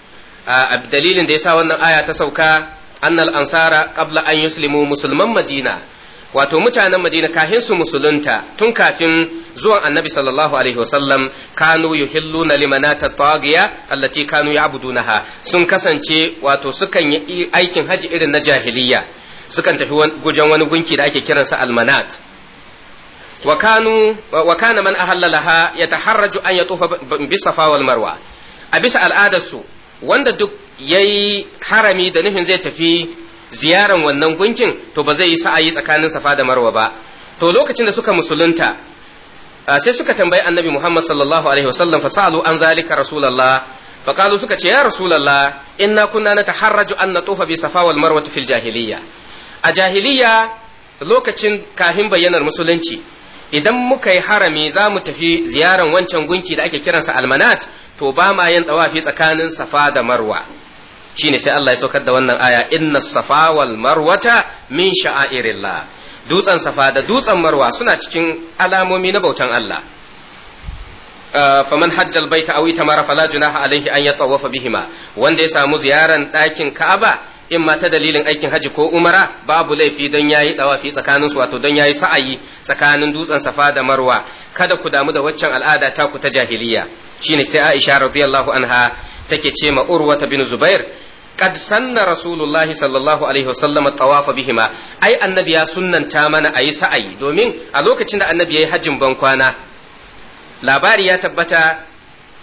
a dalilin da yasa wannan aya ta sauka annal ansara qabla an yuslimu musulman madina wato mutanen madina kafin su musulunta tun kafin zuwan annabi sallallahu alaihi wasallam kanu yuhilluna limanata ya allati kanu ya'budunaha sun kasance wato sukan yi aikin haji irin na jahiliya sukan tafi gujen wani gunki da ake kiransa almanat wa kanu wa kana man ahallalaha yataharraju an ya tufa bisa wal marwa a bisa al'adarsu wanda duk ya yi harami da nufin zai tafi ziyaran wannan gunkin to ba zai yi sa'ayi tsakanin safa da marwa ba to lokacin da suka musulunta sai suka tambayi annabi muhammad sallallahu alaihi wasallam fa sa'alu an zalika rasulullah fa qalu suka ce ya rasulullah inna kunna nataharraju an natufa bi safa wal marwa fil jahiliya a jahiliya lokacin kafin bayyanar musulunci idan muka yi harami za mu tafi ziyaran wancan gunki da ake kiransa almanat to ba ma yin tsawafi tsakanin safa da marwa shine sai Allah ya saukar da wannan aya inna safa wal marwata min sha'airillah dutsen safa da dutsen marwa suna cikin alamomi na bautan Allah uh, faman hajjal baita aw itamara fala junaha alaihi an yatawafa bihima wanda ya samu ziyaran ɗakin Ka'aba in ma ta dalilin aikin haji ko umara babu laifi don yayi dawafi tsakanin su wato don yayi sa'ayi tsakanin dutsen safa da marwa kada ku damu da waccan al'ada ta ku ta jahiliya shine sai Aisha radiyallahu anha take ce ma Urwata bin Zubair Kad sanna rasulullahi sallallahu alaihi wasallam tawafa bihima ai annabi ya sunnanta mana ayi sa'ayi domin a lokacin da annabi yayi hajjin ban labari ya tabbata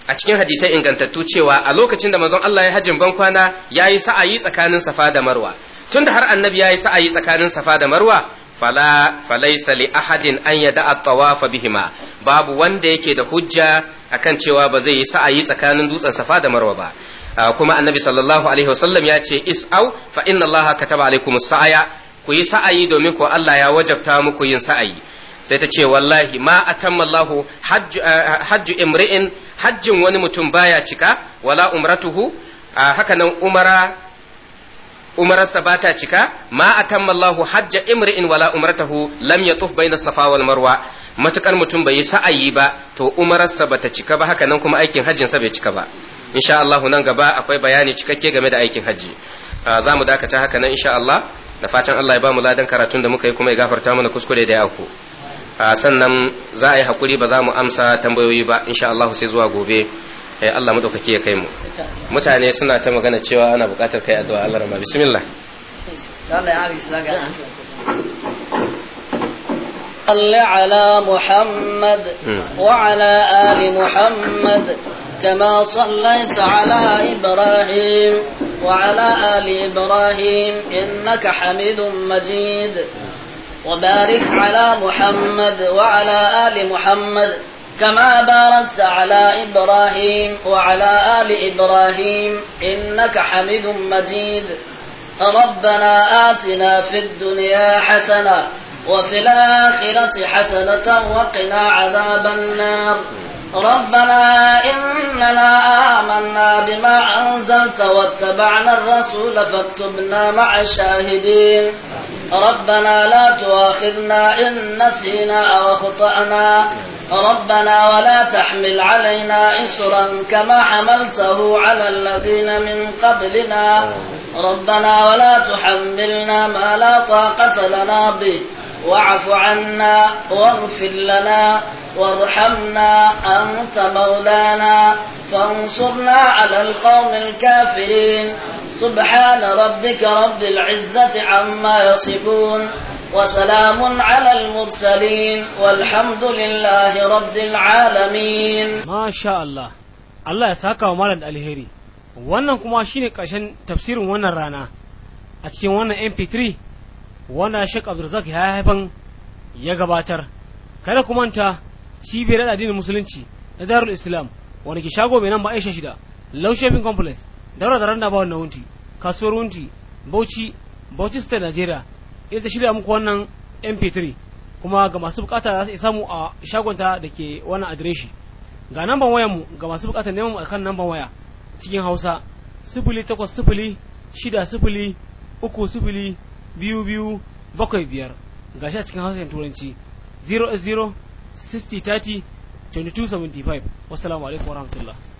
a cikin hadisai ingantattu cewa a lokacin da manzon Allah ya hajjin bankwana kwana yayi sa'ayi tsakanin Safa da Marwa tunda har annabi yayi sa'ayi tsakanin Safa da Marwa fala falaysa li ahadin an yada at-tawafa bihima babu wanda yake da hujja akan cewa ba zai yi sa'ayi tsakanin dutsen Safa da Marwa ba Ah, kuma annabi sallallahu alaihi wasallam ya ce is'au fa inna allaha kataba alaikum sa'aya ku yi sa'ayi domin ko Allah ya wajabta muku yin sa'ayi sai ta ce wallahi ma atamma ah, hajju imri'in hajjin wani mutum baya cika wala umratuhu ah, haka nan umara umararsa ba ta cika ma atamma Allahu hajja imri'in wala umratahu lam yatuf baina safa wal marwa matukar mutum bai yi sa'ayi ba to umararsa bata cika ba haka nan kuma aikin hajjin sa bai cika ba insha Allah nan gaba akwai bayani cikakke game da aikin hajji za mu dakata haka nan insha Allah da fatan Allah ya ba mu ladan karatun da muka yi kuma ya gafarta mana kuskure da yaku sannan za a yi hakuri ba za mu amsa tambayoyi ba insha Allah sai zuwa gobe eh, Allah madaukaki ya kai mu mutane suna ta magana cewa ana buƙatar kai addu'a Allah rama bismillah صل على محمد وعلى Ali محمد كما صليت على إبراهيم وعلى آل إبراهيم إنك حميد مجيد وبارك على محمد وعلى آل محمد كما باركت على إبراهيم وعلى آل إبراهيم إنك حميد مجيد ربنا آتنا في الدنيا حسنة وفي الآخرة حسنة وقنا عذاب النار ربنا إننا آمنا بما أنزلت واتبعنا الرسول فاكتبنا مع الشاهدين ربنا لا تؤاخذنا إن نسينا أو أخطأنا ربنا ولا تحمل علينا إصرا كما حملته على الذين من قبلنا ربنا ولا تحملنا ما لا طاقة لنا به واعف عنا واغفر لنا وارحمنا أنت مولانا فانصرنا على القوم الكافرين سبحان ربك رب العزة عما يصفون وسلام على المرسلين والحمد لله رب العالمين ما شاء الله الله يساكا ومالا الهيري وانا كما شيني ƙarshen تفسير وانا رانا اتشين وانا mp3 wana Sheikh Abdulrazak ya haifan ya gabatar kada ku manta cibiyar addinin musulunci na Darul Islam wani ke shago mai nan ba Aisha shida Low Shopping Complex daura da randa ba wannan wunti kasuwar wunti Bauchi Bauchi State Nigeria ita ta shirya muku wannan MP3 kuma ga masu bukata za su isa mu a shagonta da ke wannan adireshi ga namban wayar mu ga masu bukata neman mu akan namban waya cikin Hausa sifili sifili shida sifili uku biyu biyu bakwai biyar gashi a cikin hausa turanci 0 0 60 30 22 75 wasu alaikum warahmatullahi